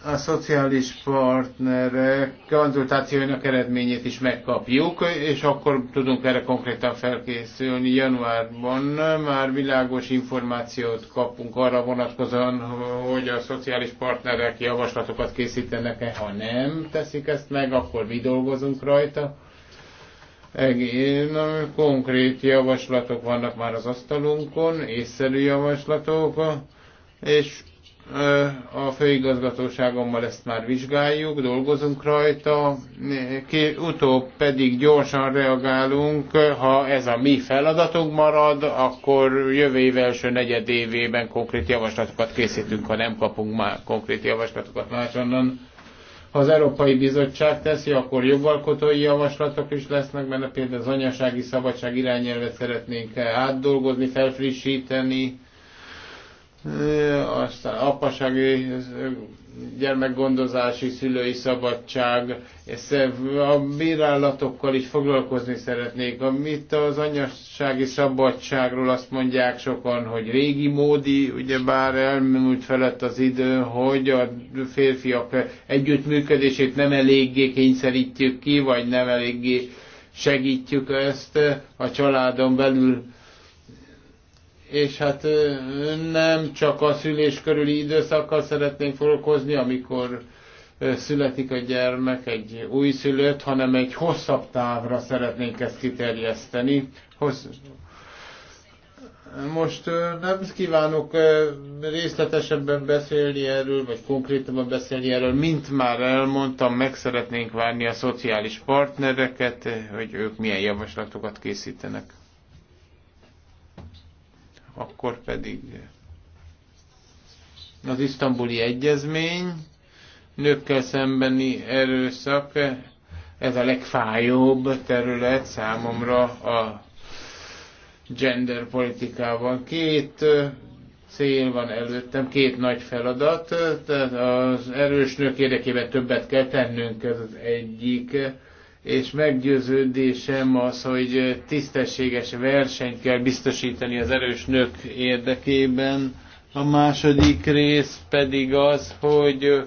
a szociális partnerek konzultációinak eredményét is megkapjuk, és akkor tudunk erre konkrétan felkészülni. Januárban már világos információt kapunk arra vonatkozóan, hogy a szociális partnerek javaslatokat készítenek-e, ha nem teszik ezt meg, akkor mi dolgozunk rajta. Egész konkrét javaslatok vannak már az asztalunkon, észszerű javaslatok, és a főigazgatóságommal ezt már vizsgáljuk, dolgozunk rajta, ki, utóbb pedig gyorsan reagálunk, ha ez a mi feladatunk marad, akkor jövő év első negyed évében konkrét javaslatokat készítünk, ha nem kapunk már konkrét javaslatokat másonnan. Ha az Európai Bizottság teszi, akkor jogalkotói javaslatok is lesznek, mert például az anyasági szabadság irányelvet szeretnénk átdolgozni, felfrissíteni, aztán apasági, gyermekgondozási, szülői szabadság, és a bírálatokkal is foglalkozni szeretnék. Amit az anyassági szabadságról azt mondják sokan, hogy régi módi, bár elmúlt felett az idő, hogy a férfiak együttműködését nem eléggé kényszerítjük ki, vagy nem eléggé segítjük ezt a családon belül és hát nem csak a szülés körüli időszakkal szeretnénk foglalkozni, amikor születik a gyermek, egy újszülött, hanem egy hosszabb távra szeretnénk ezt kiterjeszteni. Hossz... Most nem kívánok részletesebben beszélni erről, vagy konkrétabban beszélni erről, mint már elmondtam, meg szeretnénk várni a szociális partnereket, hogy ők milyen javaslatokat készítenek akkor pedig az isztambuli egyezmény, nőkkel szembeni erőszak, ez a legfájóbb terület számomra a genderpolitikában. Két cél van előttem, két nagy feladat, tehát az erős nők érdekében többet kell tennünk, ez az egyik és meggyőződésem az, hogy tisztességes versenyt kell biztosítani az erős nők érdekében. A második rész pedig az, hogy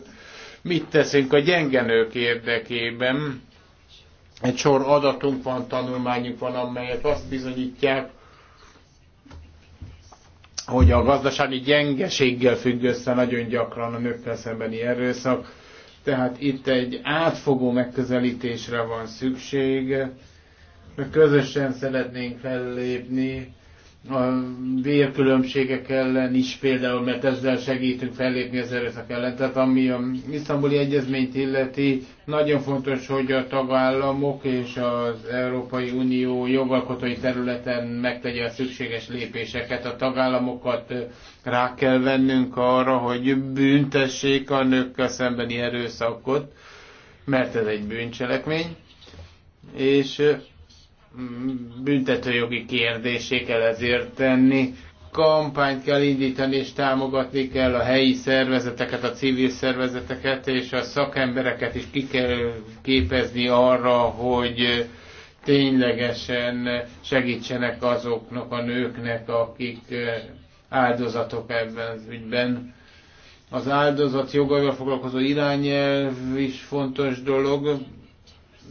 mit teszünk a nők érdekében. Egy sor adatunk van, tanulmányunk van, amelyet azt bizonyítják, hogy a gazdasági gyengeséggel függ össze nagyon gyakran a nőkkel szembeni erőszak tehát itt egy átfogó megközelítésre van szükség. Közösen szeretnénk fellépni a vérkülönbségek ellen is például, mert ezzel segítünk fellépni az erőszak ellen. Tehát ami a isztambuli egyezményt illeti, nagyon fontos, hogy a tagállamok és az Európai Unió jogalkotói területen megtegye a szükséges lépéseket. A tagállamokat rá kell vennünk arra, hogy büntessék a nőkkel szembeni erőszakot, mert ez egy bűncselekmény. És büntetőjogi kérdésé kell ezért tenni. Kampányt kell indítani és támogatni kell a helyi szervezeteket, a civil szervezeteket és a szakembereket is ki kell képezni arra, hogy ténylegesen segítsenek azoknak a nőknek, akik eh, áldozatok ebben az ügyben. Az áldozat jogaival foglalkozó irányelv is fontos dolog,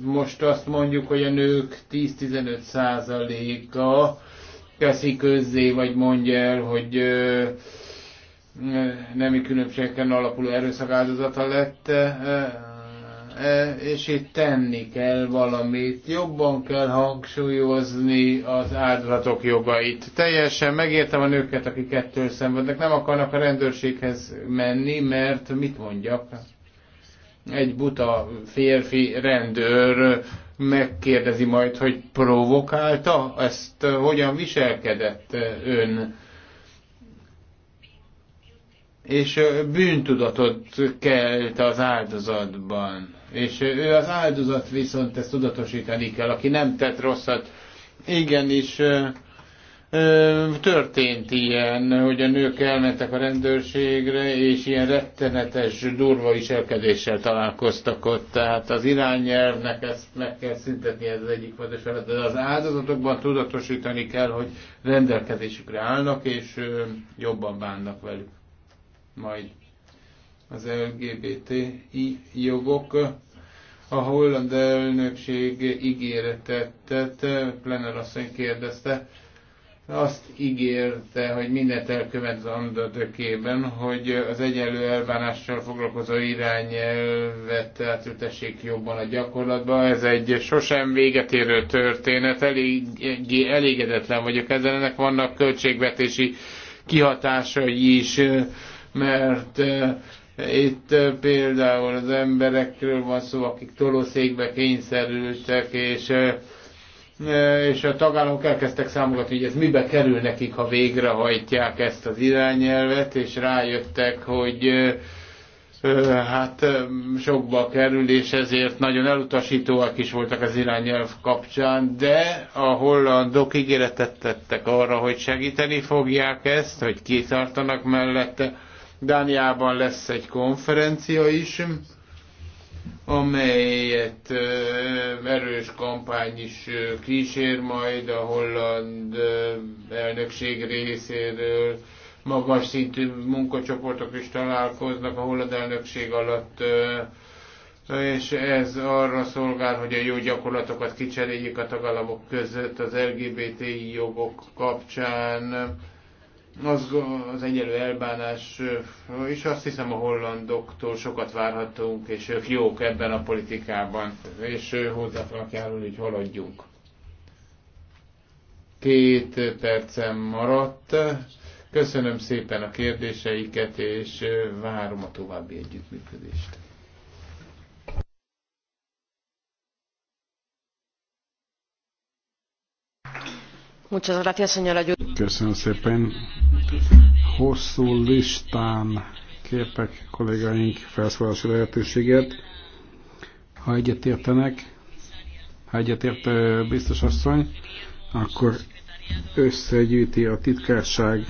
most azt mondjuk, hogy a nők 10-15 százaléka teszi közzé, vagy mondja el, hogy ö, nemi különbségeken alapuló erőszak áldozata lett, és itt tenni kell valamit, jobban kell hangsúlyozni az áldozatok jogait. Teljesen megértem a nőket, akik ettől szenvednek, nem akarnak a rendőrséghez menni, mert mit mondjak? egy buta férfi rendőr megkérdezi majd, hogy provokálta, ezt hogyan viselkedett ön. És bűntudatot kelt az áldozatban. És ő az áldozat viszont ezt tudatosítani kell, aki nem tett rosszat. Igenis, Történt ilyen, hogy a nők elmentek a rendőrségre, és ilyen rettenetes, durva viselkedéssel találkoztak ott. Tehát az irányelvnek ezt meg kell szüntetni, ez az egyik fontos feladat. De az áldozatokban tudatosítani kell, hogy rendelkezésükre állnak, és jobban bánnak velük. Majd az LGBTI jogok a holland elnökség ígéretet tett, Plenner asszony kérdezte, azt ígérte, hogy mindent elkövet Zanda tökében, hogy az egyenlő elbánással foglalkozó irányelvet átültessék jobban a gyakorlatba. Ez egy sosem véget érő történet, eléggé elégedetlen vagyok ezzel. Ennek vannak költségvetési kihatásai is, mert eh, itt eh, például az emberekről van szó, akik tolószékbe kényszerültek, és eh, E, és a tagállamok elkezdtek számogatni, hogy ez mibe kerül nekik, ha végrehajtják ezt az irányelvet, és rájöttek, hogy e, e, hát sokba kerül, és ezért nagyon elutasítóak is voltak az irányelv kapcsán, de a hollandok ígéretet tettek arra, hogy segíteni fogják ezt, hogy kitartanak mellette. Dániában lesz egy konferencia is, amelyet erős kampány is kísér majd a holland elnökség részéről. Magas szintű munkacsoportok is találkoznak a holland elnökség alatt, és ez arra szolgál, hogy a jó gyakorlatokat kicseréljék a tagállamok között az LGBTI jogok kapcsán az, az egyelő elbánás, és azt hiszem a hollandoktól sokat várhatunk, és ők jók ebben a politikában, és hozzá fognak járulni, hogy haladjunk. Két percem maradt. Köszönöm szépen a kérdéseiket, és várom a további együttműködést. Köszönöm szépen. Hosszú listán kértek kollégáink felszólalási lehetőséget. Ha egyetértenek, ha egyetért biztos asszony, akkor összegyűjti a titkárság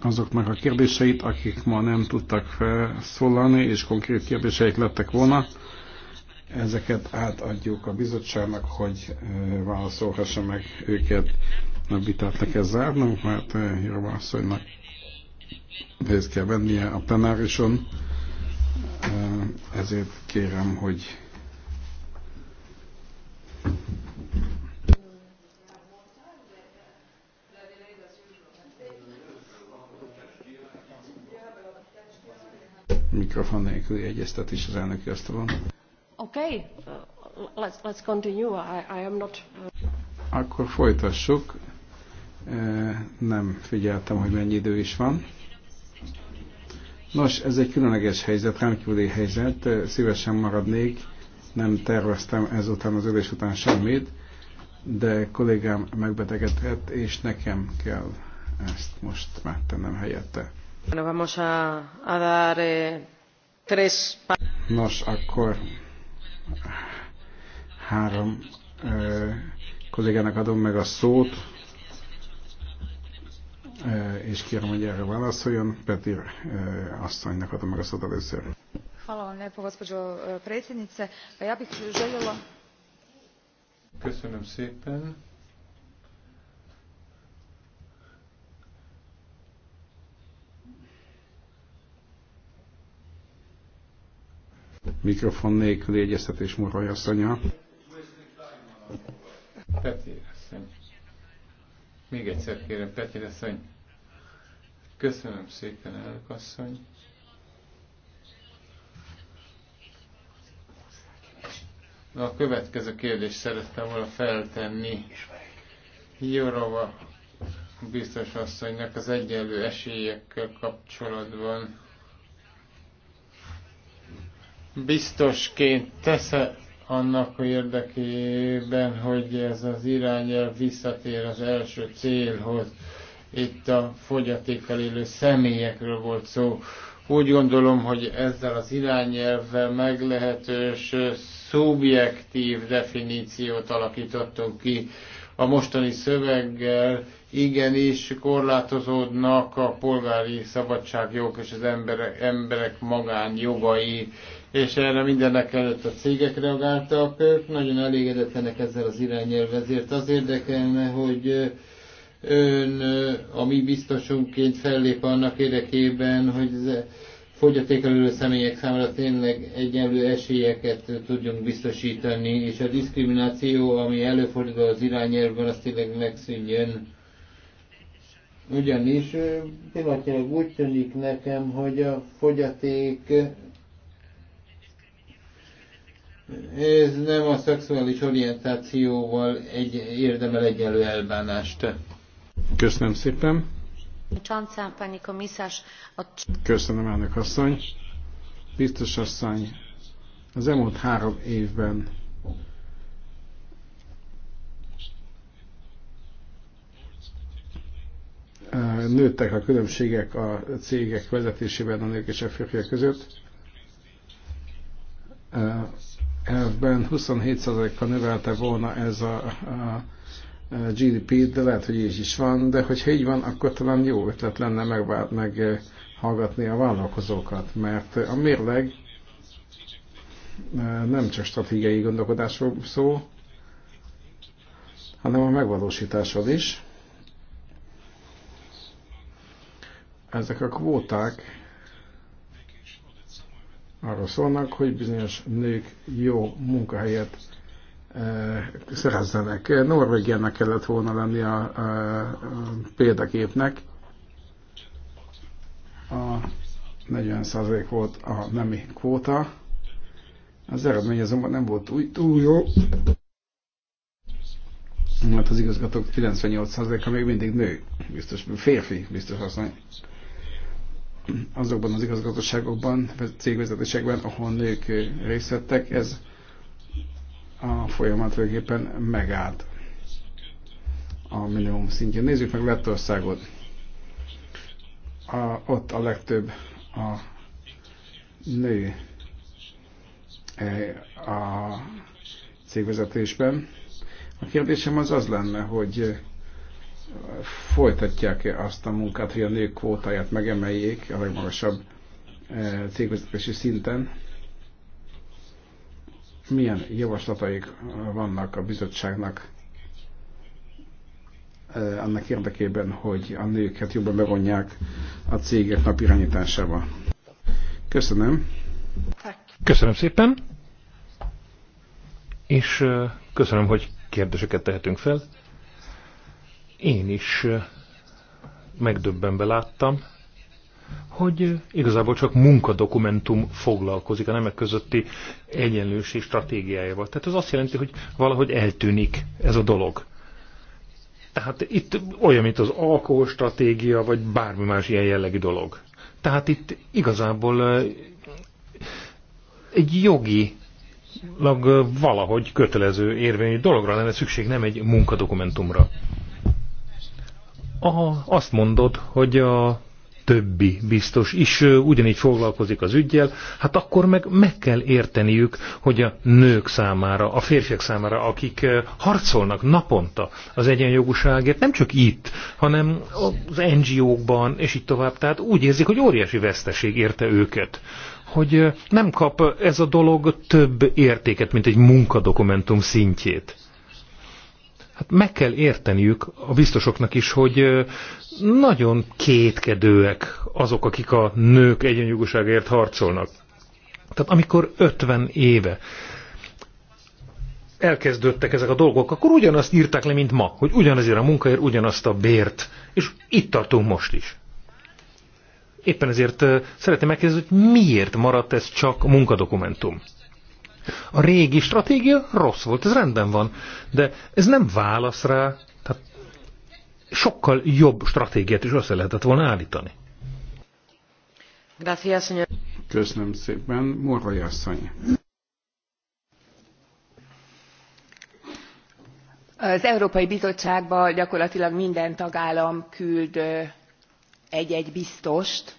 azoknak a kérdéseit, akik ma nem tudtak felszólalni, és konkrét kérdéseik lettek volna. Ezeket átadjuk a bizottságnak, hogy válaszolhassa meg őket. A vitát le kell zárnunk, mert Hirova asszonynak részt kell vennie a plenárison. Ezért kérem, hogy mikrofon nélküli egyeztetés az elnöki asztalon. Okay, uh, let's, let's continue. I, I am not... Uh, akkor folytassuk. Uh, nem figyeltem, hogy mennyi idő is van. Nos, ez egy különleges helyzet, rendkívüli helyzet. Szívesen maradnék, nem terveztem ezután az ülés után semmit, de kollégám megbetegedett, és nekem kell ezt most megtennem helyette. Eh, Nos, akkor Három ö, kollégának adom meg a szót, ö, és kérem, hogy erre válaszoljon. Petir ö, asszonynak adom meg a szót először. Köszönöm szépen. mikrofon nélküli egyeztetés Moraj asszonya. Peti asszony. Még egyszer kérem, Peti asszony. Köszönöm szépen, elnök asszony. Na, a következő kérdést szerettem volna feltenni. Jorova biztos asszonynak az egyenlő esélyekkel kapcsolatban biztosként tesze annak érdekében, hogy ez az irányelv visszatér az első célhoz. Itt a fogyatékkal élő személyekről volt szó. Úgy gondolom, hogy ezzel az irányelvvel meglehetős szubjektív definíciót alakítottunk ki. A mostani szöveggel igenis korlátozódnak a polgári szabadságjog és az emberek, emberek magánjogai, és erre mindennek előtt a cégek reagáltak, ők nagyon elégedetlenek ezzel az irányelvvel, ezért az érdekelne, hogy ön a mi biztosunkként fellép annak érdekében, hogy fogyatékelő személyek számára tényleg egyenlő esélyeket tudjunk biztosítani, és a diszkrimináció, ami előfordul az irányelvben, az tényleg megszűnjön. Ugyanis pillanatnyilag úgy tűnik nekem, hogy a fogyaték ez nem a szexuális orientációval egy érdemel egyenlő elbánást. Köszönöm szépen. Köszönöm, elnök asszony. Biztos asszony, az elmúlt három évben nőttek a különbségek a cégek vezetésében a nők és a férfiak között évben 27%-kal növelte volna ez a, a gdp de lehet, hogy így is van, de hogyha így van, akkor talán jó ötlet lenne meg, meg hallgatni a vállalkozókat, mert a mérleg e, nem csak stratégiai gondolkodásról szó, hanem a megvalósításod is. Ezek a kvóták arról szólnak, hogy bizonyos nők jó munkahelyet eh, szerezzenek. Norvégiának kellett volna lenni a, a példaképnek. A 40% volt a nemi kvóta. Az eredmény azonban nem volt új, túl jó, mert az igazgatók 98%-a még mindig nő, biztos férfi, biztos azt mondja azokban az igazgatóságokban, cégvezetésekben, ahol nők részt vettek, ez a folyamat végépen megállt a minimum szintjén. Nézzük meg Lettországot. A, ott a legtöbb a nő e, a cégvezetésben. A kérdésem az az lenne, hogy folytatják -e azt a munkát, hogy a nők kvótáját megemeljék a legmagasabb eh, cégvezetési szinten. Milyen javaslataik vannak a bizottságnak eh, annak érdekében, hogy a nőket jobban bevonják a cégek napirányításába? Köszönöm. Köszönöm szépen. És eh, köszönöm, hogy kérdéseket tehetünk fel. Én is megdöbbenve láttam, hogy igazából csak munkadokumentum foglalkozik a nemek közötti egyenlőség stratégiájával. Tehát ez azt jelenti, hogy valahogy eltűnik ez a dolog. Tehát itt olyan, mint az stratégia, vagy bármi más ilyen jellegű dolog. Tehát itt igazából egy jogi valahogy kötelező érvényű dologra lenne szükség, nem egy munkadokumentumra. Aha, azt mondod, hogy a többi biztos is ugyanígy foglalkozik az ügyjel, hát akkor meg meg kell érteniük, hogy a nők számára, a férfiak számára, akik harcolnak naponta az egyenjogúságért, nem csak itt, hanem az NGO-kban, és így tovább, tehát úgy érzik, hogy óriási veszteség érte őket hogy nem kap ez a dolog több értéket, mint egy munkadokumentum szintjét hát meg kell érteniük a biztosoknak is, hogy nagyon kétkedőek azok, akik a nők egyenjogúságért harcolnak. Tehát amikor 50 éve elkezdődtek ezek a dolgok, akkor ugyanazt írták le, mint ma, hogy ugyanazért a munkaért ugyanazt a bért. És itt tartunk most is. Éppen ezért szeretném megkérdezni, hogy miért maradt ez csak munkadokumentum? A régi stratégia rossz volt, ez rendben van, de ez nem válasz rá, tehát sokkal jobb stratégiát is össze lehetett volna állítani. Köszönöm szépen, Morvai asszony. az európai bizottságban gyakorlatilag minden tagállam küld egy egy biztost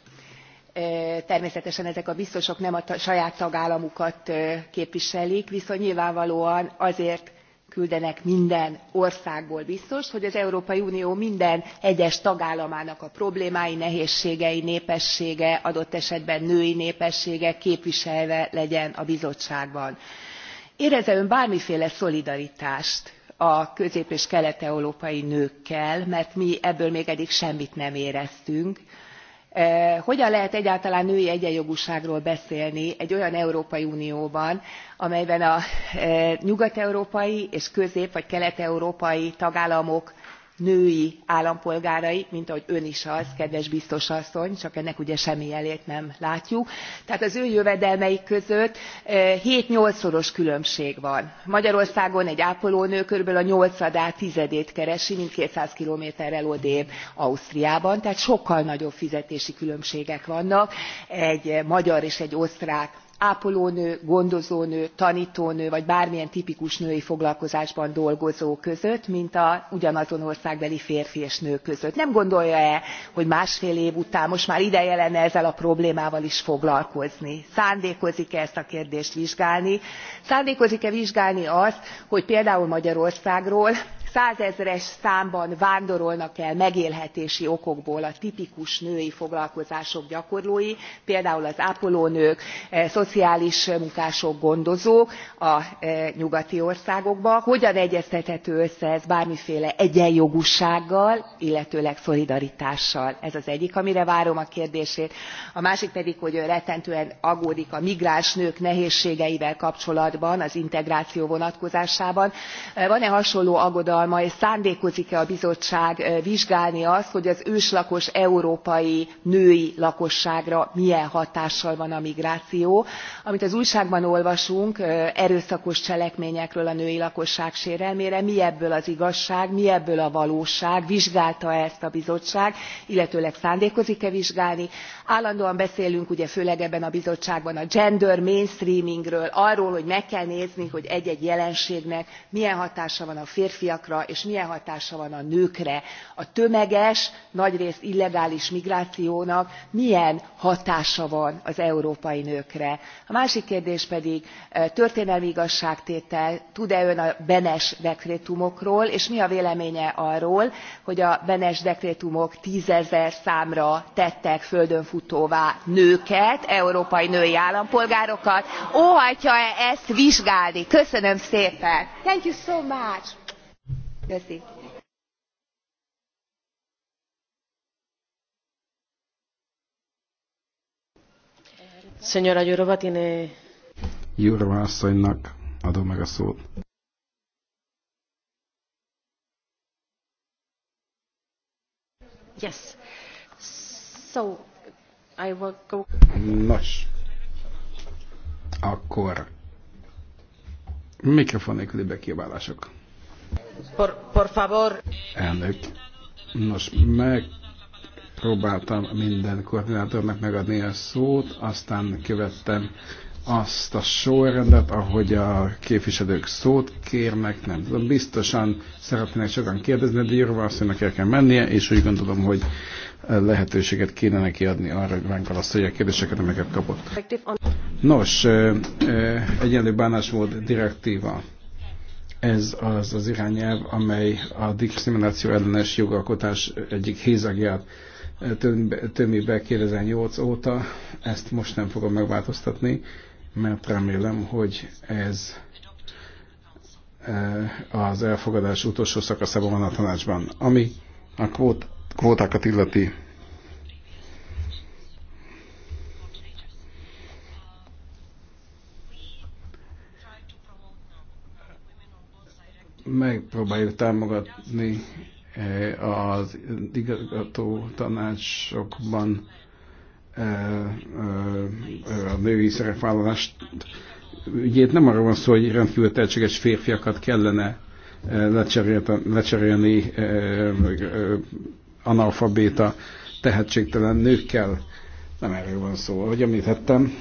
természetesen ezek a biztosok nem a saját tagállamukat képviselik viszont nyilvánvalóan azért küldenek minden országból biztost hogy az európai unió minden egyes tagállamának a problémái nehézségei népessége adott esetben női népessége képviselve legyen a bizottságban. érez e ön bármiféle szolidaritást a közép és kelet európai nőkkel mert mi ebből még eddig semmit nem éreztünk hogyan lehet egyáltalán női egyenjogúságról beszélni egy olyan európai unióban amelyben a nyugat európai és közép vagy kelet európai tagállamok női állampolgárai mint ahogy ön is az kedves biztos asszony csak ennek ugye semmi jelét nem látjuk tehát az ő jövedelmeik között seven eh, eight szoros különbség van. magyarországon egy ápolónő körülbelül a nyolcadát tizedét keresi mint two hundred kilométerrel odébb ausztriában tehát sokkal nagyobb fizetési különbségek vannak egy magyar és egy osztrák ápolónő gondozónő tantónő vagy bármilyen tipikus női foglalkozásban dolgozó között mint a ugyanazon országbeli férfi és nő között. nem gondolja e hogy másfél év után most már ideje lenne ezzel a problémával is foglalkozni? szándékozik e ezt a kérdést vizsgálni? szándékozik e vizsgálni azt hogy például magyarországról százezres számban vándorolnak el megélhetési okokból a tipikus női foglalkozások gyakorlói például az ápolónők e, szociális munkások gondozók a e, nyugati országokba hogyan egyeztethető össze ez bármiféle egyenjogúsággal illetőleg szolidaritással? ez az egyik amire várom a kérdését a másik pedig hogy ön rettentően aggódik a migráns nők nehézségeivel kapcsolatban az integráció vonatkozásában van e hasonló aggodalma alkalma és szándékozik e a bizottság eh, vizsgálni azt hogy az őslakos európai női lakosságra milyen hatással van a migráció? amit az újságban olvasunk eh, erőszakos cselekményekről a női lakosság sérelmére mi ebből az igazság mi ebből a valóság vizsgálta e ezt a bizottság illetőleg szándékozik e vizsgálni? állandóan beszélünk ugye főleg ebben a bizottságban a gender mainstreamingről arról hogy meg kell nézni hogy egy egy jelenségnek milyen hatása van a férfiakra és milyen hatása van a nőkre a tömeges nagyrészt illegális migrációnak milyen hatása van az európai nőkre. a másik kérdés pedig e, történelmi igazságtétel tud e ön a benes dekrétumokról és mi a véleménye arról hogy a benes dekrétumok tzezer számra tettek földön előrefutóvá nőket európai női állampolgárokat óhajtja e ezt vizsgálni? köszönöm szépen! thank you so much! Köszi. Señora Jurova tiene... Jurova asszonynak adom meg a szót. Yes. So, I will go... Nos, akkor mikrofon nélküli bekívánások. Por, por favor. Elnök, nos, megpróbáltam minden koordinátornak megadni a szót, aztán követtem azt a sorrendet, ahogy a képviselők szót kérnek, nem tudom, biztosan szeretnének sokan kérdezni, de Jurva asszonynak el kell mennie, és úgy gondolom, hogy lehetőséget kéne neki adni arra, hogy ránk válaszolja a kérdéseket, amiket kapott. Nos, egyenlő bánásmód direktíva. Ez az az irányelv, amely a diszkrimináció ellenes jogalkotás egyik hézagját be 2008 óta, ezt most nem fogom megváltoztatni, mert remélem, hogy ez eh, az elfogadás utolsó szakaszában van a tanácsban. Ami a kvót, kvótákat illeti, megpróbáljuk támogatni eh, az igazgató tanácsokban a női szerepvállalást itt nem arról van szó, hogy rendkívül tehetséges férfiakat kellene lecserélni analfabéta tehetségtelen nőkkel. Nem erről van szó. Ahogy említettem,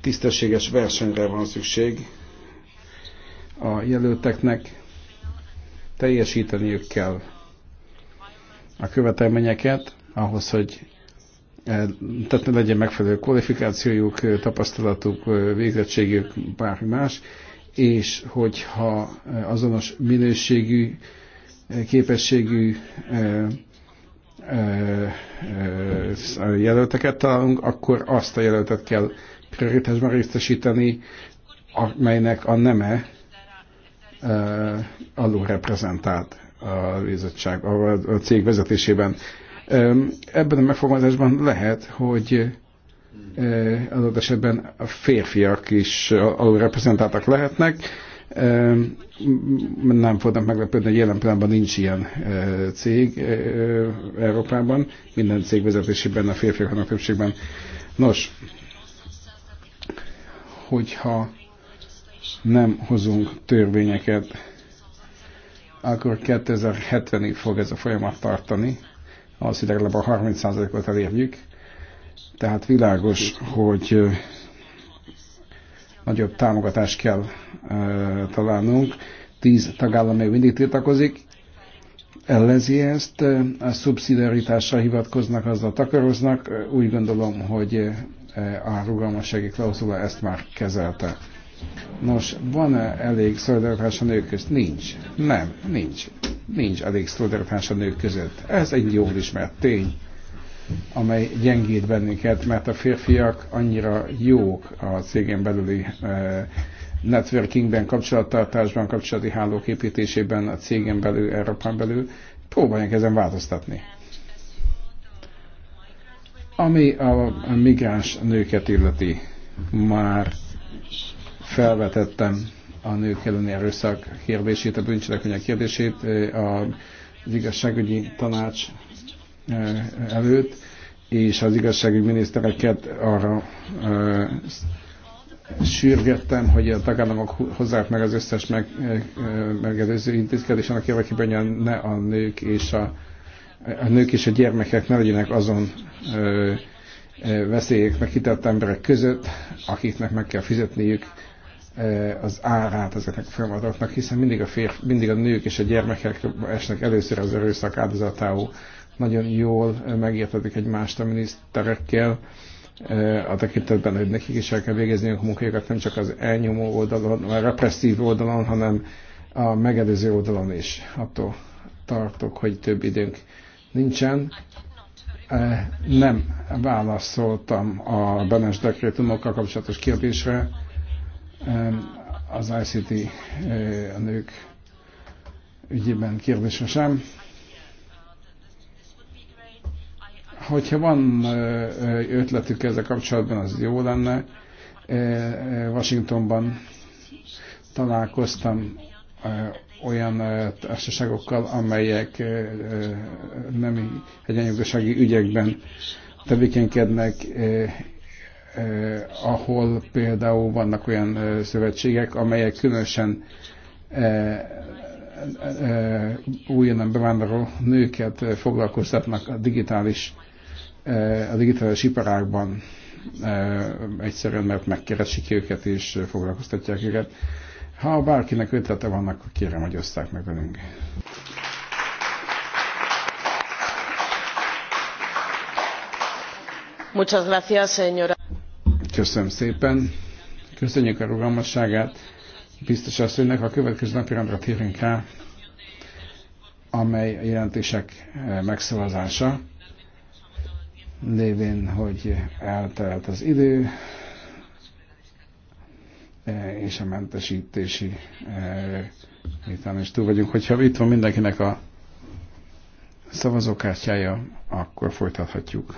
tisztességes versenyre van szükség a jelölteknek, teljesíteniük kell a követelményeket, ahhoz, hogy eh, tehát ne legyen megfelelő kvalifikációjuk, eh, tapasztalatuk, eh, végzettségük, bármi más, és hogyha azonos minőségű, képességű jelölteket találunk, akkor azt a jelöltet kell prioritásban részesíteni, amelynek a neme alulreprezentált a a cég vezetésében. Ebben a megfogalmazásban lehet, hogy e, adott esetben a férfiak is alulreprezentáltak lehetnek. Nem fognak meglepődni, hogy jelen pillanatban nincs ilyen e, cég e, Európában. Minden cég vezetésében a férfiak a többségben. Nos, hogyha nem hozunk törvényeket, akkor 2070-ig fog ez a folyamat tartani az, hogy legalább a 30%-ot elérjük. Tehát világos, hogy nagyobb támogatást kell találnunk. Tíz tagállam még mindig tiltakozik, ellenzi ezt, a szubszidiaritásra hivatkoznak, azzal takaroznak. Úgy gondolom, hogy a rugalmassági klauzula ezt már kezelte. Nos, van-e elég szolidaritás a nők közt? Nincs. Nem, nincs nincs elég szolidaritás a nők között. Ez egy jól ismert tény, amely gyengít bennünket, mert a férfiak annyira jók a cégén belüli e, networkingben, kapcsolattartásban, kapcsolati hálók építésében, a cégén belül, Európán belül, próbálják ezen változtatni. Ami a migráns nőket illeti, már felvetettem a nők elleni erőszak kérdését, a bűncselekmények kérdését az igazságügyi tanács előtt, és az igazságügyi minisztereket arra sürgettem, hogy a tagállamok hozzák meg az összes meg, megelőző intézkedés annak érdekében, hogy ne a nők és a, a nők és a gyermekek ne legyenek azon veszélyeknek hitett emberek között, akiknek meg kell fizetniük Eh, az árát ezeknek a folyamatoknak, hiszen mindig a, férf, mindig a nők és a gyermekek esnek először az erőszak áldozatául. Nagyon jól eh, megértetik egymást a miniszterekkel, eh, a tekintetben, hogy nekik is el kell végezni a munkájukat, nem csak az elnyomó oldalon, a represszív oldalon, hanem a megelőző oldalon is. Attól tartok, hogy több időnk nincsen. Nem válaszoltam a Benes dekrétumokkal kapcsolatos kérdésre az ICT eh, a nők ügyében kérdése sem. Hogyha van eh, ötletük ezzel kapcsolatban, az jó lenne. Eh, Washingtonban találkoztam olyan társaságokkal, amelyek nem egyenjogossági ügyekben tevékenykednek, Eh, ahol például vannak olyan eh, szövetségek, amelyek különösen eh, újonnan bevándorló nőket foglalkoztatnak a digitális, a digitális iparákban egyszerűen, mert megkeresik őket és foglalkoztatják őket. Ha bárkinek ötlete van, akkor kérem, hogy osszák meg velünk. Muchas gracias, señora. Köszönöm szépen. Köszönjük a rugalmasságát. Biztos hogy a következő napirendre térünk rá, amely a jelentések eh, megszavazása lévén, hogy eltelt az idő, eh, és a mentesítési eh, héten is túl vagyunk. Hogyha itt van mindenkinek a szavazókártyája, akkor folytathatjuk.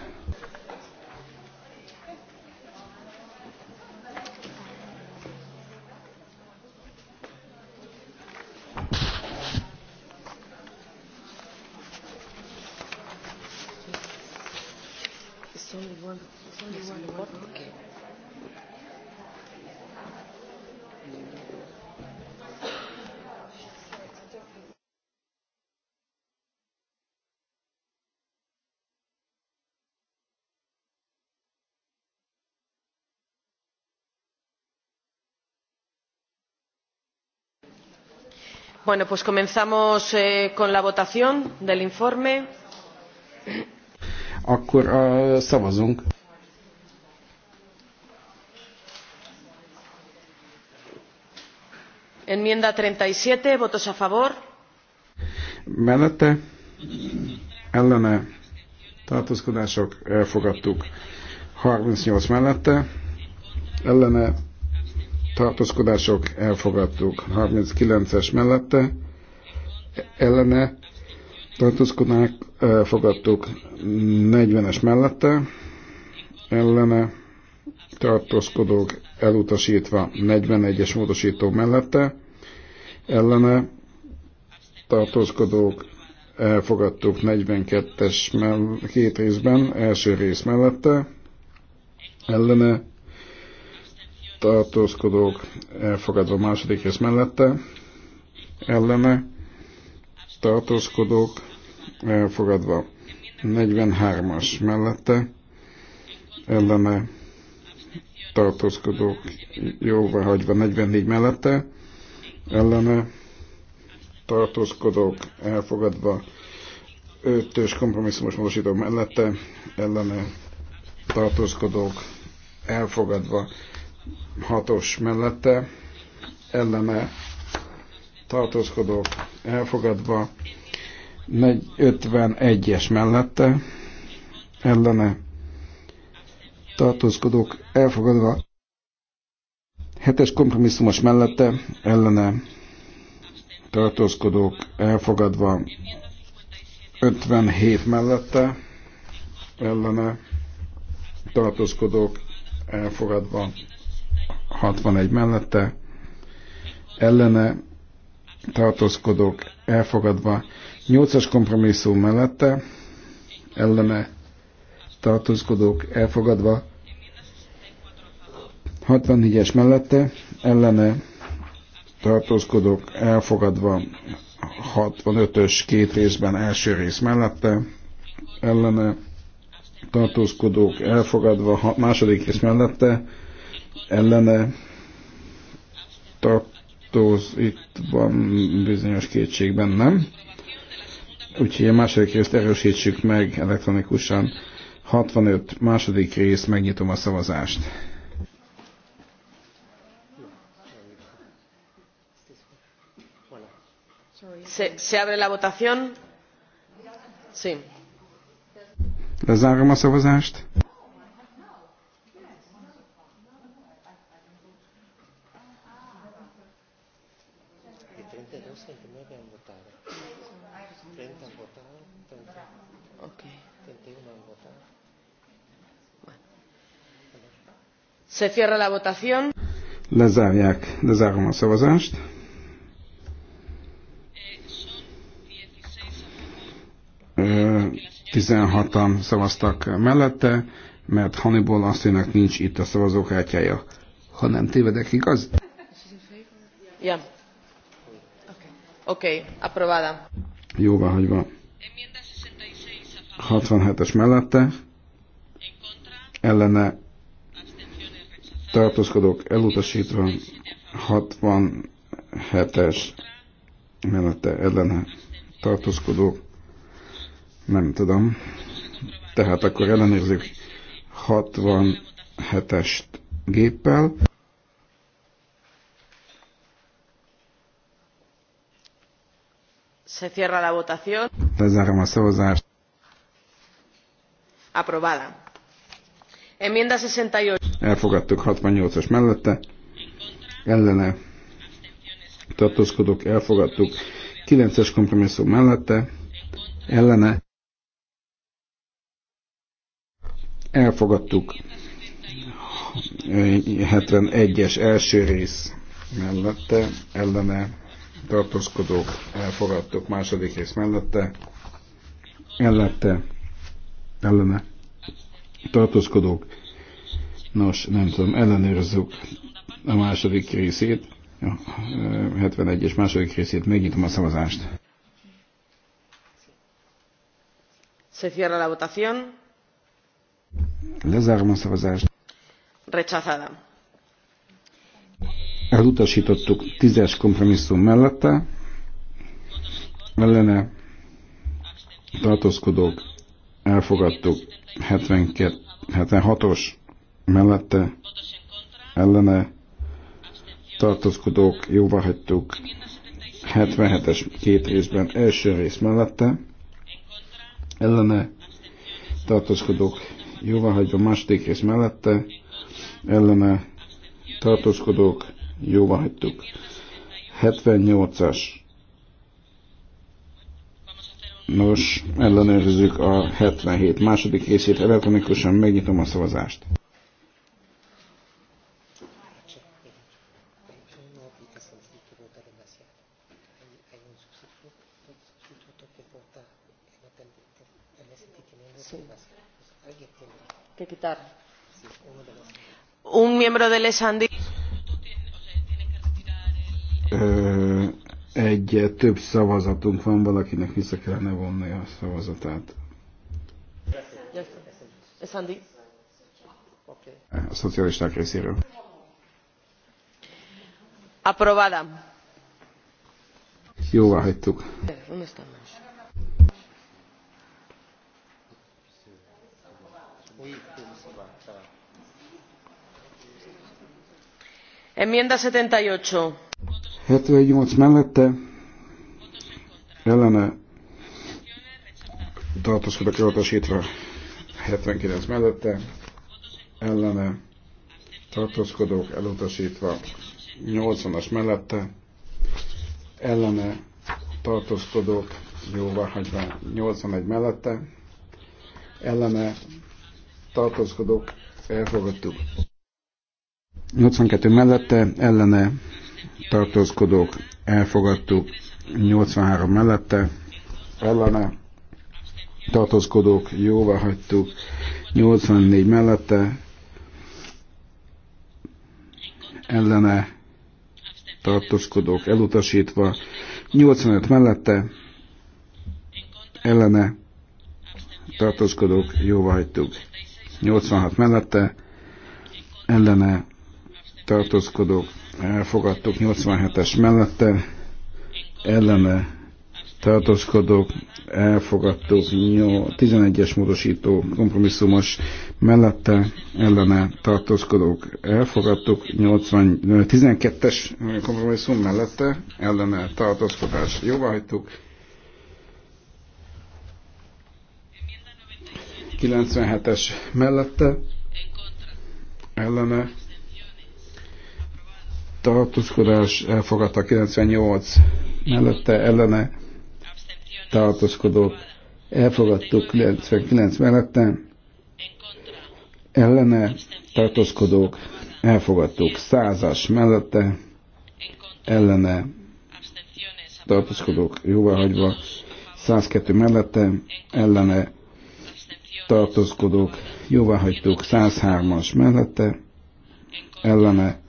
Bueno, pues comenzamos eh, con la votación del informe. Akkor uh, szavazunk. Enmienda 37, votos a favor. Mellette, ellene, tartózkodások, elfogadtuk. 38 mellette, ellene, tartózkodások elfogadtuk. 39-es mellette ellene tartózkodnák elfogadtuk. 40-es mellette ellene tartózkodók elutasítva 41-es módosító mellette ellene tartózkodók elfogadtuk 42-es két részben, első rész mellette, ellene tartózkodók elfogadva második rész mellette, ellene tartózkodók elfogadva 43-as mellette, ellene tartózkodók jóvá hagyva 44 mellette, ellene tartózkodók elfogadva 5-ös kompromisszumos módosító mellette, ellene tartózkodók elfogadva hatos mellette ellene tartózkodók elfogadva, 51-es mellette ellene tartózkodók elfogadva, 7-es kompromisszumos mellette ellene tartózkodók elfogadva, 57 mellette ellene tartózkodók elfogadva, 61 mellette, ellene tartózkodók elfogadva, 8-as kompromisszum mellette, ellene tartózkodók elfogadva, 64-es mellette, ellene tartózkodók elfogadva, 65-ös két részben első rész mellette, ellene tartózkodók elfogadva, második rész mellette, ellene itt van bizonyos kétségben, nem? Úgyhogy a második részt erősítsük meg elektronikusan. 65. második rész, megnyitom a szavazást. Se, se abre la votación. Sí. Lezárom a szavazást. Se cierra la votación. Lezárják, lezárom a szavazást. Tizenhatan 16 szavaztak mellette, mert Hannibal asszonynak nincs itt a szavazókártyája. Ha nem tévedek, igaz? Ja. Oké, aprobada. Jóvá hagyva. 67-es mellette, ellene tartózkodók elutasítva 67-es mellette ellene tartózkodók, nem tudom. Tehát akkor ellenőrzik 67 es géppel. Se cierra la votación. Lezárom a szavazást. Aprobada. Enmienda 68. Elfogadtuk 68-as mellette. Ellene Tartózkodok. elfogadtuk 9-es kompromisszum mellette. Ellene elfogadtuk 71-es első rész mellette, ellene tartózkodók elfogadtuk második rész mellette, ellette, ellene tartózkodók. Nos, nem tudom, ellenőrzzük a második részét, a 71-es eh, második részét, megnyitom a szavazást. Se cierra la votación. Lezárom a szavazást. Rechazada. Elutasítottuk tízes kompromisszum mellette, ellene tartózkodók elfogadtuk 72, 76-os mellette ellene tartózkodók jóvá hagytuk 77-es két részben első rész mellette ellene tartózkodók jóvá hagyva második rész mellette ellene tartózkodók jóvá hagytuk 78-as Nos, ellenőrzzük a 77 második részét elektronikusan, megnyitom a szavazást. Un miembro del Esandí. ugye több szavazatunk van, valakinek vissza kellene vonni a szavazatát. A szocialisták részéről. Aprovada. Jóvá hagytuk. Enmienda 78. 78 mellette ellene tartózkodok elutasítva 79 mellette, ellene tartózkodók elutasítva 80-as mellette, ellene tartózkodók jóvá hagyva 81 mellette, ellene tartózkodók elfogadtuk. 82 mellette ellene tartózkodók elfogadtuk. 83 mellette, ellene tartózkodók jóvá hagytuk, 84 mellette, ellene tartózkodók elutasítva, 85 mellette, ellene tartózkodók jóvá hagytuk, 86 mellette, ellene tartózkodók elfogadtuk, 87-es mellette, ellene tartózkodók elfogadtuk 11-es módosító kompromisszumos mellette ellene tartózkodók elfogadtuk 12-es kompromisszum mellette ellene tartózkodás jóvá hagytuk 97-es mellette ellene tartózkodás elfogadta 98 mellette ellene tartózkodók elfogadtuk 99 mellette ellene tartózkodók elfogadtuk 100-as mellette ellene tartózkodók jóváhagyva 102 mellette ellene tartózkodók jóváhagytuk 103-as mellette ellene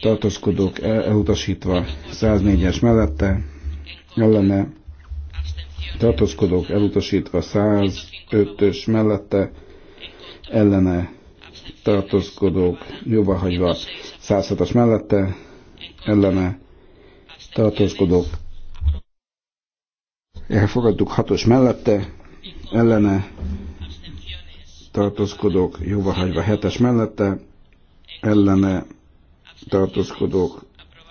tartózkodók e, elutasítva 104-es mellette, ellene tartózkodók elutasítva 105-ös mellette, ellene tartózkodók hagyva 106-as mellette, ellene tartózkodók elfogadtuk 6-os mellette, ellene tartózkodók jóvahagyva 7-es mellette, ellene tartózkodók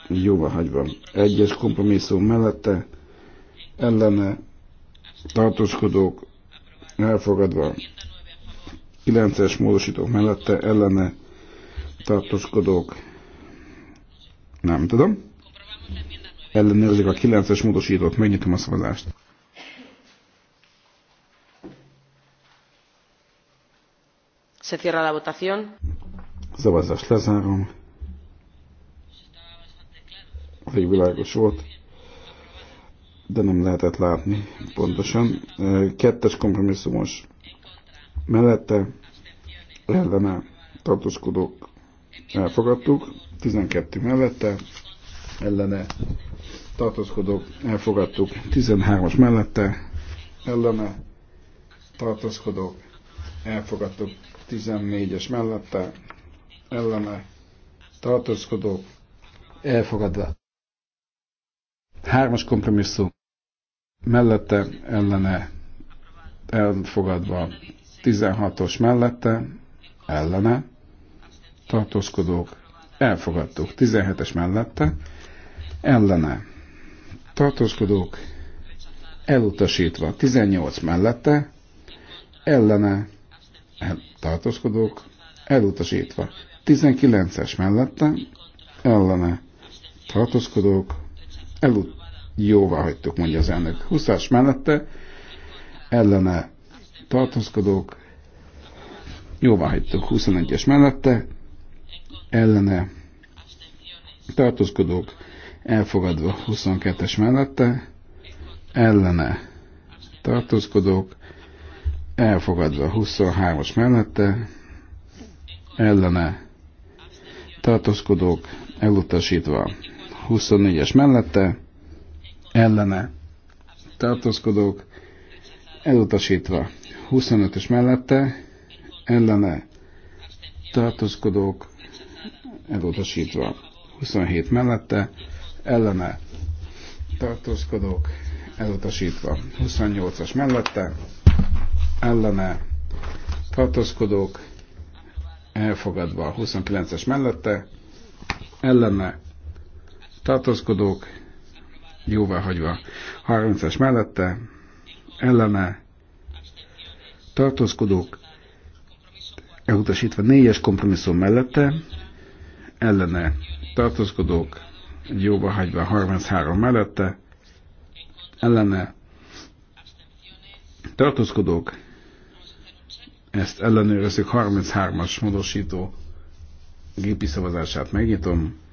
jóvá hagyva. Egyes kompromisszum mellette ellene tartózkodók elfogadva. Kilences módosítók mellette ellene tartózkodók nem tudom. Ellenőrzik a kilences módosítót, megnyitom a szavazást. Se cierra la votación. Szavazást lezárom elég világos volt, de nem lehetett látni pontosan. Kettes kompromisszumos mellette ellene tartózkodók elfogadtuk, 12 mellette ellene tartózkodók elfogadtuk, 13-as mellette ellene tartózkodók elfogadtuk, 14-es mellette ellene tartózkodók elfogadva. Hármas kompromisszum mellette ellene elfogadva, 16-os mellette ellene tartózkodók elfogadtuk, 17-es mellette ellene tartózkodók elutasítva, 18 mellette ellene el, tartózkodók elutasítva, 19-es mellette ellene tartózkodók elut jóvá hagytuk, mondja az elnök. 20 mellette ellene tartózkodók, jóvá hagytuk 21-es mellette, ellene tartózkodók, elfogadva 22-es mellette, ellene tartózkodók, elfogadva 23-as mellette, ellene tartózkodók, elutasítva 24-es mellette, ellene tartózkodók, elutasítva. 25-ös mellette, ellene tartózkodók, elutasítva. 27 mellette, ellene tartózkodók, elutasítva. 28-as mellette, ellene tartózkodók, elfogadva. 29-es mellette, ellene tartózkodók, jóvá hagyva. 30-as mellette, ellene, tartózkodók, elutasítva 4-es kompromisszum mellette, ellene, tartózkodók, jóvá hagyva 33 mellette, ellene, tartózkodók, ezt ellenőrzik 33-as módosító gépi szavazását megnyitom.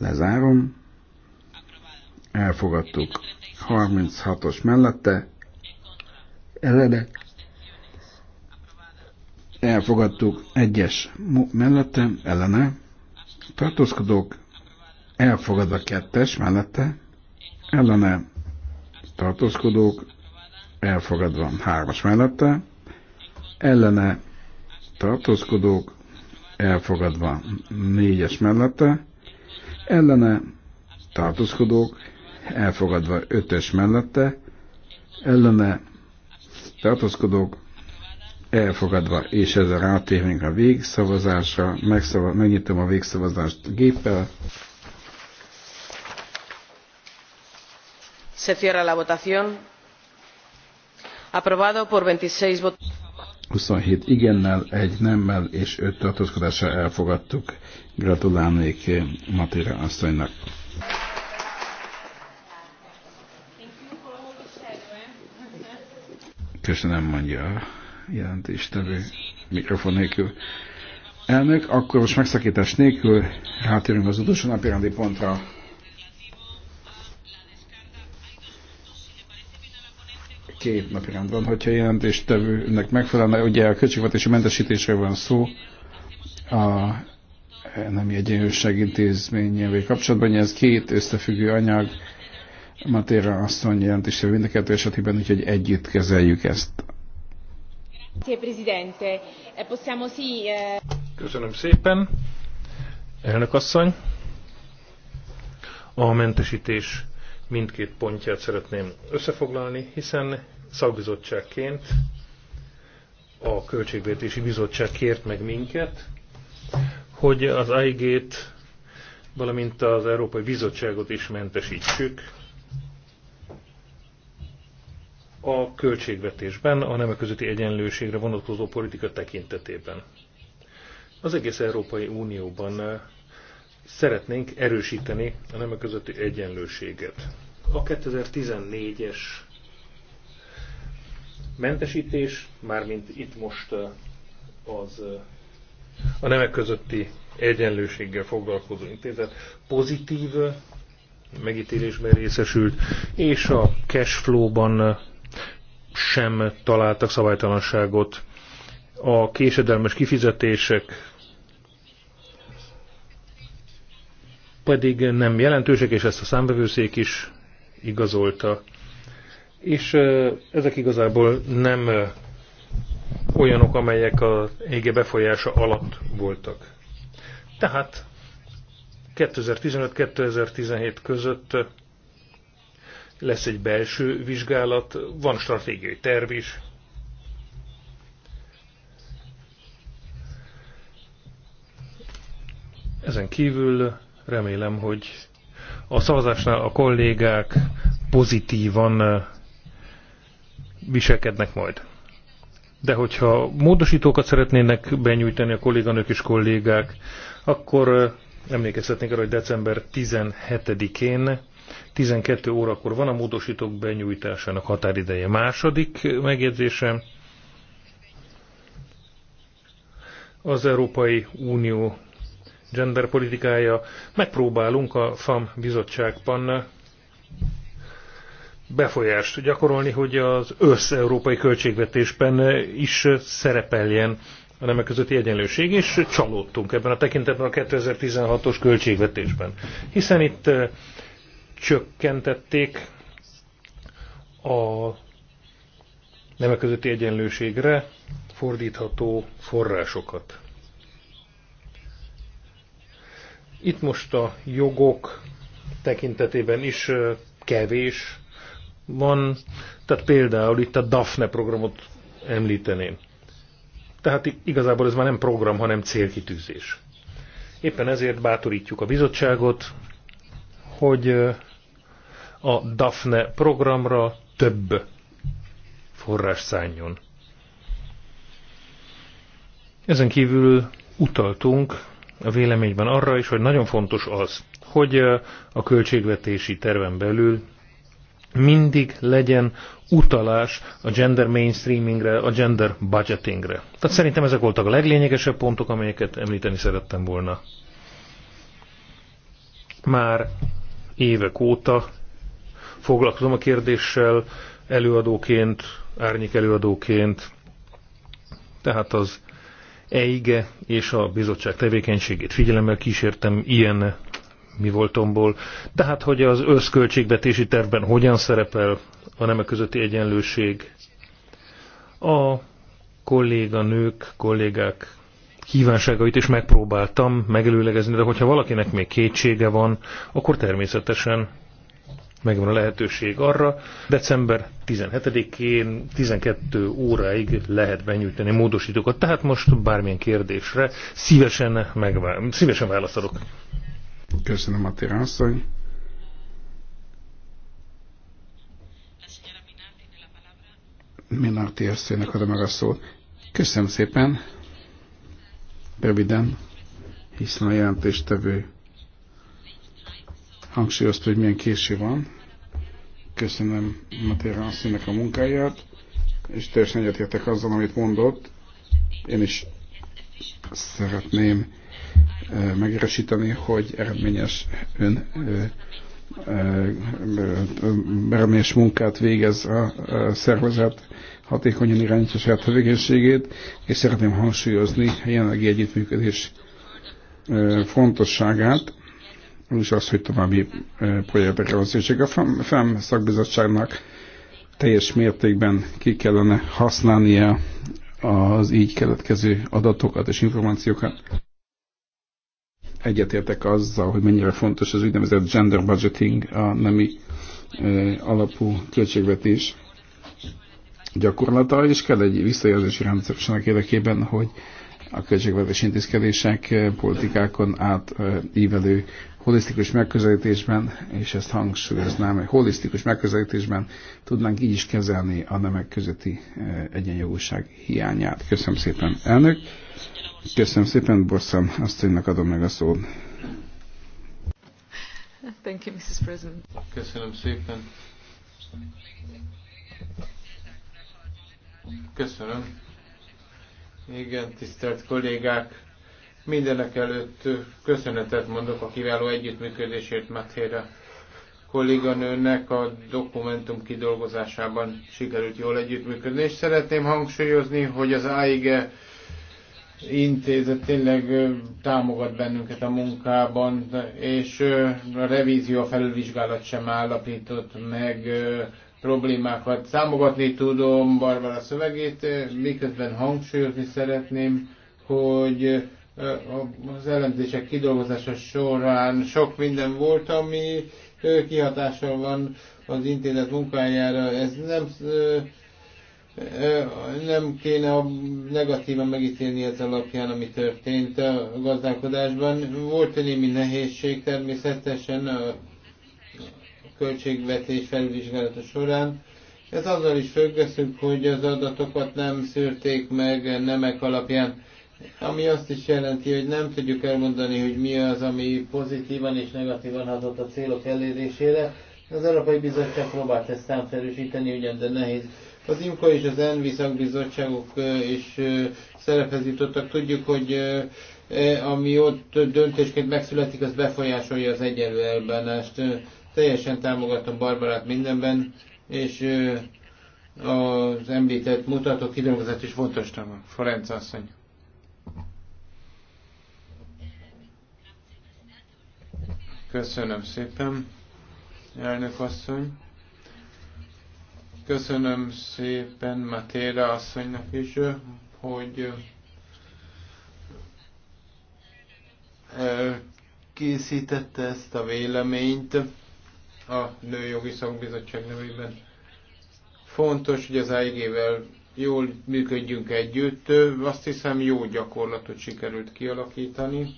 Lezárom. Elfogadtuk. 36-os mellette. Ellene. Elfogadtuk. egyes mellette. Ellene. Tartózkodók. Elfogadva kettes mellette. Ellene. Tartózkodók. Elfogadva hármas mellette. Ellene. Tartózkodók elfogadva négyes mellette, ellene tartózkodók elfogadva ötös mellette, ellene tartózkodók elfogadva, és ezzel rátérünk a végszavazásra, Megszavaz, megnyitom a végszavazást géppel. Se cierra la votación. Aprobado por 26 votos. 27 igennel, egy nemmel és öt tartózkodással elfogadtuk. Gratulálnék Matira asszonynak. Köszönöm, mondja a jelentéstevő mikrofon nélkül. Elnök, akkor most megszakítás nélkül rátérünk az utolsó napi rendi pontra. két napi rend van, hogyha jelentéstevőnek megfelelne. Ugye a költségvetési mentesítésről van szó, a nem egyenlőség intézményével kapcsolatban. Ez két összefüggő anyag, Matéra asszony jelentéstevő mind a kettő esetében, úgyhogy együtt kezeljük ezt. Eh, eh, Köszönöm szépen. Elnök asszony, a mentesítés mindkét pontját szeretném összefoglalni, hiszen szakbizottságként a Költségvetési Bizottság kért meg minket, hogy az aig t valamint az Európai Bizottságot is mentesítsük a költségvetésben, a nemek közötti egyenlőségre vonatkozó politika tekintetében. Az egész Európai Unióban szeretnénk erősíteni a nemek közötti egyenlőséget. A 2014-es mentesítés, mármint itt most az a nemek közötti egyenlőséggel foglalkozó intézet pozitív megítélésben részesült, és a cashflow-ban sem találtak szabálytalanságot. A késedelmes kifizetések pedig nem jelentősek, és ezt a számvevőszék is igazolta. És ezek igazából nem olyanok, amelyek a ége befolyása alatt voltak. Tehát 2015-2017 között lesz egy belső vizsgálat, van stratégiai terv is. Ezen kívül Remélem, hogy a szavazásnál a kollégák pozitívan viselkednek majd. De hogyha módosítókat szeretnének benyújtani a kolléganők és kollégák, akkor emlékeztetnék arra, hogy december 17-én 12 órakor van a módosítók benyújtásának határideje. Második megjegyzése az Európai Unió gender politikája. Megpróbálunk a FAM bizottságban befolyást gyakorolni, hogy az ös-európai költségvetésben is szerepeljen a nemek közötti egyenlőség, és csalódtunk ebben a tekintetben a 2016-os költségvetésben. Hiszen itt eh, csökkentették a nemek közötti egyenlőségre fordítható forrásokat. Itt most a jogok tekintetében is kevés van, tehát például itt a DAFNE programot említeném. Tehát igazából ez már nem program, hanem célkitűzés. Éppen ezért bátorítjuk a bizottságot, hogy a DAFNE programra több forrás szálljon. Ezen kívül utaltunk a véleményben arra is, hogy nagyon fontos az, hogy a költségvetési terven belül mindig legyen utalás a gender mainstreamingre, a gender budgetingre. Tehát szerintem ezek voltak a leglényegesebb pontok, amelyeket említeni szerettem volna. Már évek óta foglalkozom a kérdéssel előadóként, árnyék előadóként, tehát az EIGE és a bizottság tevékenységét figyelemmel kísértem ilyen mi voltomból. Tehát, hogy az összköltségvetési tervben hogyan szerepel a nemek közötti egyenlőség. A kolléganők, kollégák kívánságait is megpróbáltam megelőlegezni, de hogyha valakinek még kétsége van, akkor természetesen megvan a lehetőség arra. December 17-én 12 óráig lehet benyújtani módosítókat. Tehát most bármilyen kérdésre szívesen, megvá- szívesen válaszolok. Köszönöm a asszony. Minarti asszonynak adom meg a szót. Köszönöm szépen. Röviden, hiszen a jelentéstevő hangsúlyozta, hogy milyen késő van. Köszönöm Matéra asszonynak a munkáját, és teljesen egyetértek azzal, amit mondott. Én is szeretném megerősíteni, hogy eredményes ön eredményes munkát végez a szervezet, hatékonyan irányítja saját tevékenységét, és szeretném hangsúlyozni a jelenlegi együttműködés fontosságát, és az, hogy további projektekre van szükség. A FEM szakbizottságnak teljes mértékben ki kellene használnia az így keletkező adatokat és információkat. Egyetértek azzal, hogy mennyire fontos az úgynevezett gender budgeting, a nemi alapú költségvetés gyakorlata, és kell egy visszajelzési rendszer annak érdekében, hogy a költségvetés intézkedések eh, politikákon átívelő eh, holisztikus megközelítésben, és ezt hangsúlyoznám, hogy holisztikus megközelítésben tudnánk így is kezelni a nemek közötti eh, egyenjogúság hiányát. Köszönöm szépen, elnök. Köszönöm szépen, Borszan, azt hogy megadom meg a szót. Thank you, Mrs. President. Köszönöm szépen. Köszönöm. Igen, tisztelt kollégák! Mindenek előtt köszönetet mondok a kiváló együttműködésért Matéra kolléganőnek a dokumentum kidolgozásában sikerült jól együttműködni, és szeretném hangsúlyozni, hogy az AIGE intézet tényleg támogat bennünket a munkában, és a revízió, a felülvizsgálat sem állapított meg problémákat. Számogatni tudom Barbara szövegét, miközben hangsúlyozni szeretném, hogy eh, az elemzések kidolgozása során sok minden volt, ami eh, kihatással van az intézet munkájára. Ez nem, eh, nem kéne a negatívan megítélni ez alapján, ami történt a gazdálkodásban. Volt némi nehézség természetesen költségvetés felvizsgálata során. Ez azzal is függeszünk, hogy az adatokat nem szűrték meg nemek alapján, ami azt is jelenti, hogy nem tudjuk elmondani, hogy mi az, ami pozitívan és negatívan hatott a célok elérésére. Az Európai Bizottság próbált ezt számszerűsíteni, ugyan, de nehéz. Az IMCO és az ENVI szakbizottságok is szerephez jutottak. Tudjuk, hogy e, ami ott döntésként megszületik, az befolyásolja az egyenlő elbánást. Teljesen támogatom Barbarát mindenben, és az említett mutatók kidolgozat is fontos tanul. Ferenc asszony. Köszönöm szépen, elnök asszony. Köszönöm szépen Matéra asszonynak is, hogy készítette ezt a véleményt a Nőjogi Szakbizottság nevében. Fontos, hogy az AIG-vel jól működjünk együtt. Azt hiszem, jó gyakorlatot sikerült kialakítani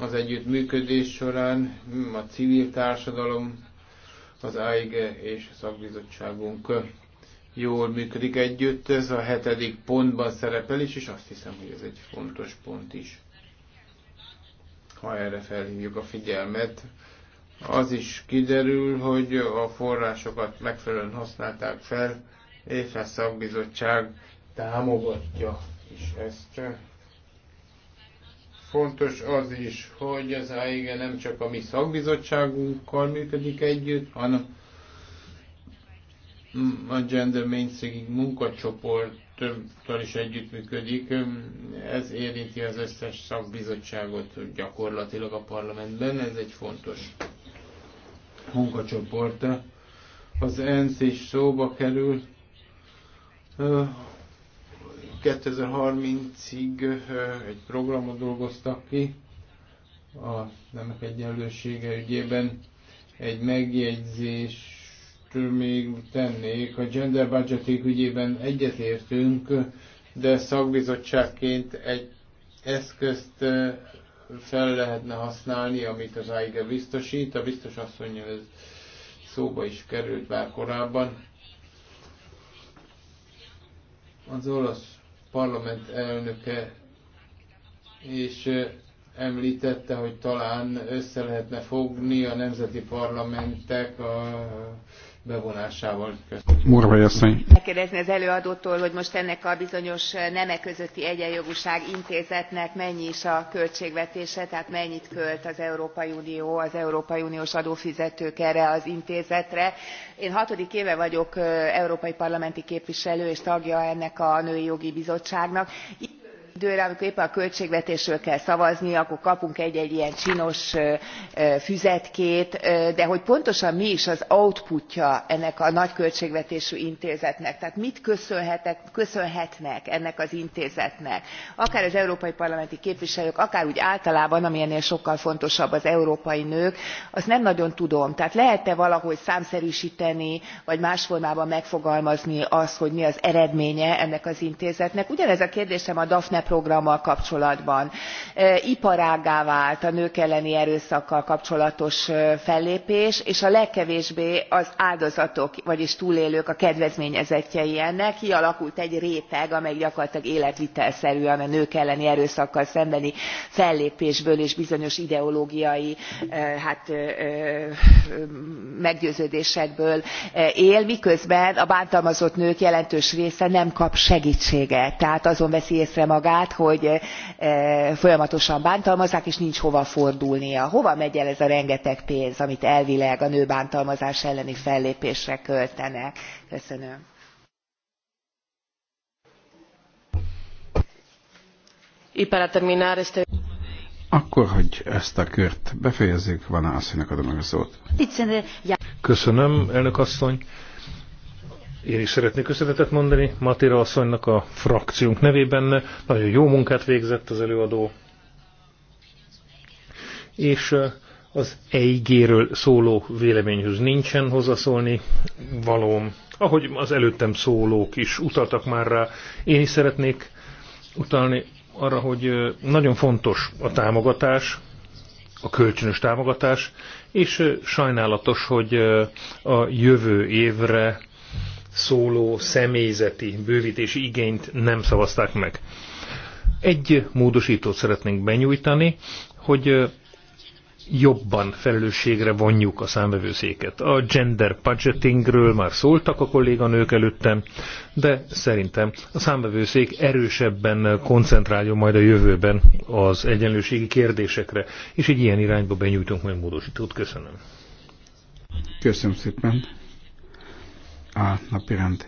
az együttműködés során a civil társadalom, az AIG és a szakbizottságunk jól működik együtt. Ez a hetedik pontban szerepel is, és azt hiszem, hogy ez egy fontos pont is. Ha erre felhívjuk a figyelmet, az is kiderül, hogy a forrásokat megfelelően használták fel, és a szakbizottság támogatja is ezt. Fontos az is, hogy az AIG nem csak a mi szakbizottságunkkal működik együtt, hanem a Gender Mainstreaming munkacsoporttal is együttműködik. Ez érinti az összes szakbizottságot gyakorlatilag a parlamentben, ez egy fontos munkacsoporta. Az ENSZ is szóba kerül. 2030-ig egy programot dolgoztak ki a nemek egyenlősége ügyében. Egy megjegyzést még tennék, a gender budgeting ügyében egyetértünk, de szakbizottságként egy eszközt fel lehetne használni, amit az AIGE biztosít. A biztos asszonyjal ez szóba is került már korábban. Az olasz parlament elnöke és említette, hogy talán össze lehetne fogni a nemzeti parlamentek a bevonásával. Megkérdezni az előadótól, hogy most ennek a bizonyos nemek közötti egyenjogúság intézetnek mennyi is a költségvetése, tehát mennyit költ az Európai Unió, az Európai Uniós adófizetők erre az intézetre. Én hatodik éve vagyok európai parlamenti képviselő és tagja ennek a női jogi bizottságnak. Itt időre amikor éppen a költségvetésről kell szavazni akkor kapunk egy egy ilyen csinos füzetkét de hogy pontosan mi is az outputja ennek a nagy költségvetésű intézetnek tehát mit köszönhetnek ennek az intézetnek akár az európai parlamenti képviselők akár úgy általában ami ennél sokkal fontosabb az európai nők azt nem nagyon tudom tehát lehet e valahogy számszerűsteni vagy más formában megfogalmazni azt hogy mi az eredménye ennek az intézetnek? ugyanez a kérdésem a daphne programmal kapcsolatban e, iparággá vált a nők elleni erőszakkal kapcsolatos e, fellépés és a legkevésbé az áldozatok vagyis túlélők a kedvezményezettjei ennek kialakult egy réteg amely gyakorlatilag életvitelszerűen a nők elleni erőszakkal szembeni fellépésből és bizonyos ideológiai e, hát, meggyőződésekből él miközben a bántalmazott nők jelentős része nem kap segtséget tehát azon veszi észre magát magát hogy eh, folyamatosan bántalmazzák és nincs hova fordulnia. hova megy el ez a rengeteg pénz amit elvileg a nőbántalmazás elleni fellépésre költene? köszönöm. Akkor, hogy ezt a kört befejezzük, van asszonynak adom meg a szót. Köszönöm, elnök asszony. Én is szeretnék köszönetet mondani Matira asszonynak a frakciónk nevében. Nagyon jó munkát végzett az előadó. És az EIG-ről szóló véleményhöz nincsen hozzászólni valóm. Ahogy az előttem szólók is utaltak már rá, én is szeretnék utalni arra, hogy nagyon fontos a támogatás, a kölcsönös támogatás, és sajnálatos, hogy a jövő évre szóló személyzeti bővítési igényt nem szavazták meg. Egy módosítót szeretnénk benyújtani, hogy jobban felelősségre vonjuk a számvevőszéket. A gender budgetingről már szóltak a kolléganők előttem, de szerintem a számvevőszék erősebben koncentráljon majd a jövőben az egyenlőségi kérdésekre, és egy ilyen irányba benyújtunk majd módosítót. Köszönöm. Köszönöm szépen a napirend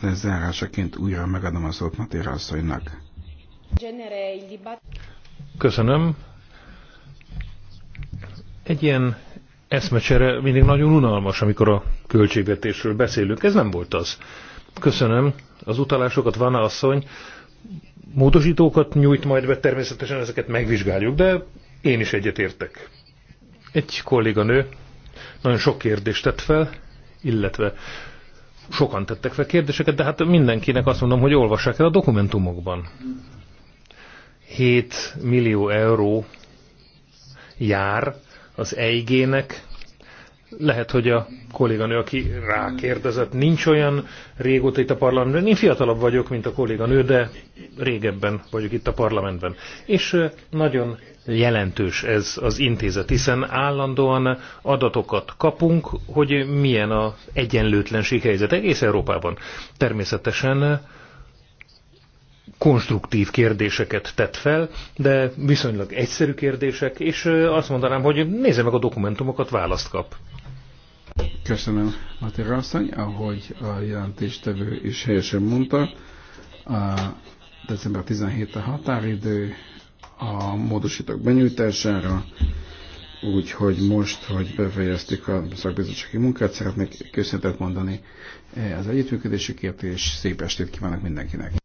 lezárásaként újra megadom a szót Matéra asszonynak. Köszönöm. Egy ilyen eszmecsere mindig nagyon unalmas, amikor a költségvetésről beszélünk. Ez nem volt az. Köszönöm az utalásokat, Vana asszony. Módosítókat nyújt majd be, természetesen ezeket megvizsgáljuk, de én is egyetértek. Egy kolléganő nagyon sok kérdést tett fel, illetve sokan tettek fel kérdéseket, de hát mindenkinek azt mondom, hogy olvassák el a dokumentumokban. 7 millió euró jár az EIG-nek lehet, hogy a kolléganő, aki rákérdezett, nincs olyan régóta itt a parlamentben. Én fiatalabb vagyok, mint a kolléganő, de régebben vagyok itt a parlamentben. És nagyon jelentős ez az intézet, hiszen állandóan adatokat kapunk, hogy milyen az egyenlőtlenség helyzet egész Európában. Természetesen konstruktív kérdéseket tett fel, de viszonylag egyszerű kérdések, és azt mondanám, hogy nézze meg a dokumentumokat, választ kap. Köszönöm, Mati asszony, ahogy a jelentéstevő is helyesen mondta, a december 17 a határidő a módosítók benyújtására, úgyhogy most, hogy befejeztük a szakbizottsági munkát, szeretnék köszönetet mondani az együttműködésükért, és szép estét kívánok mindenkinek!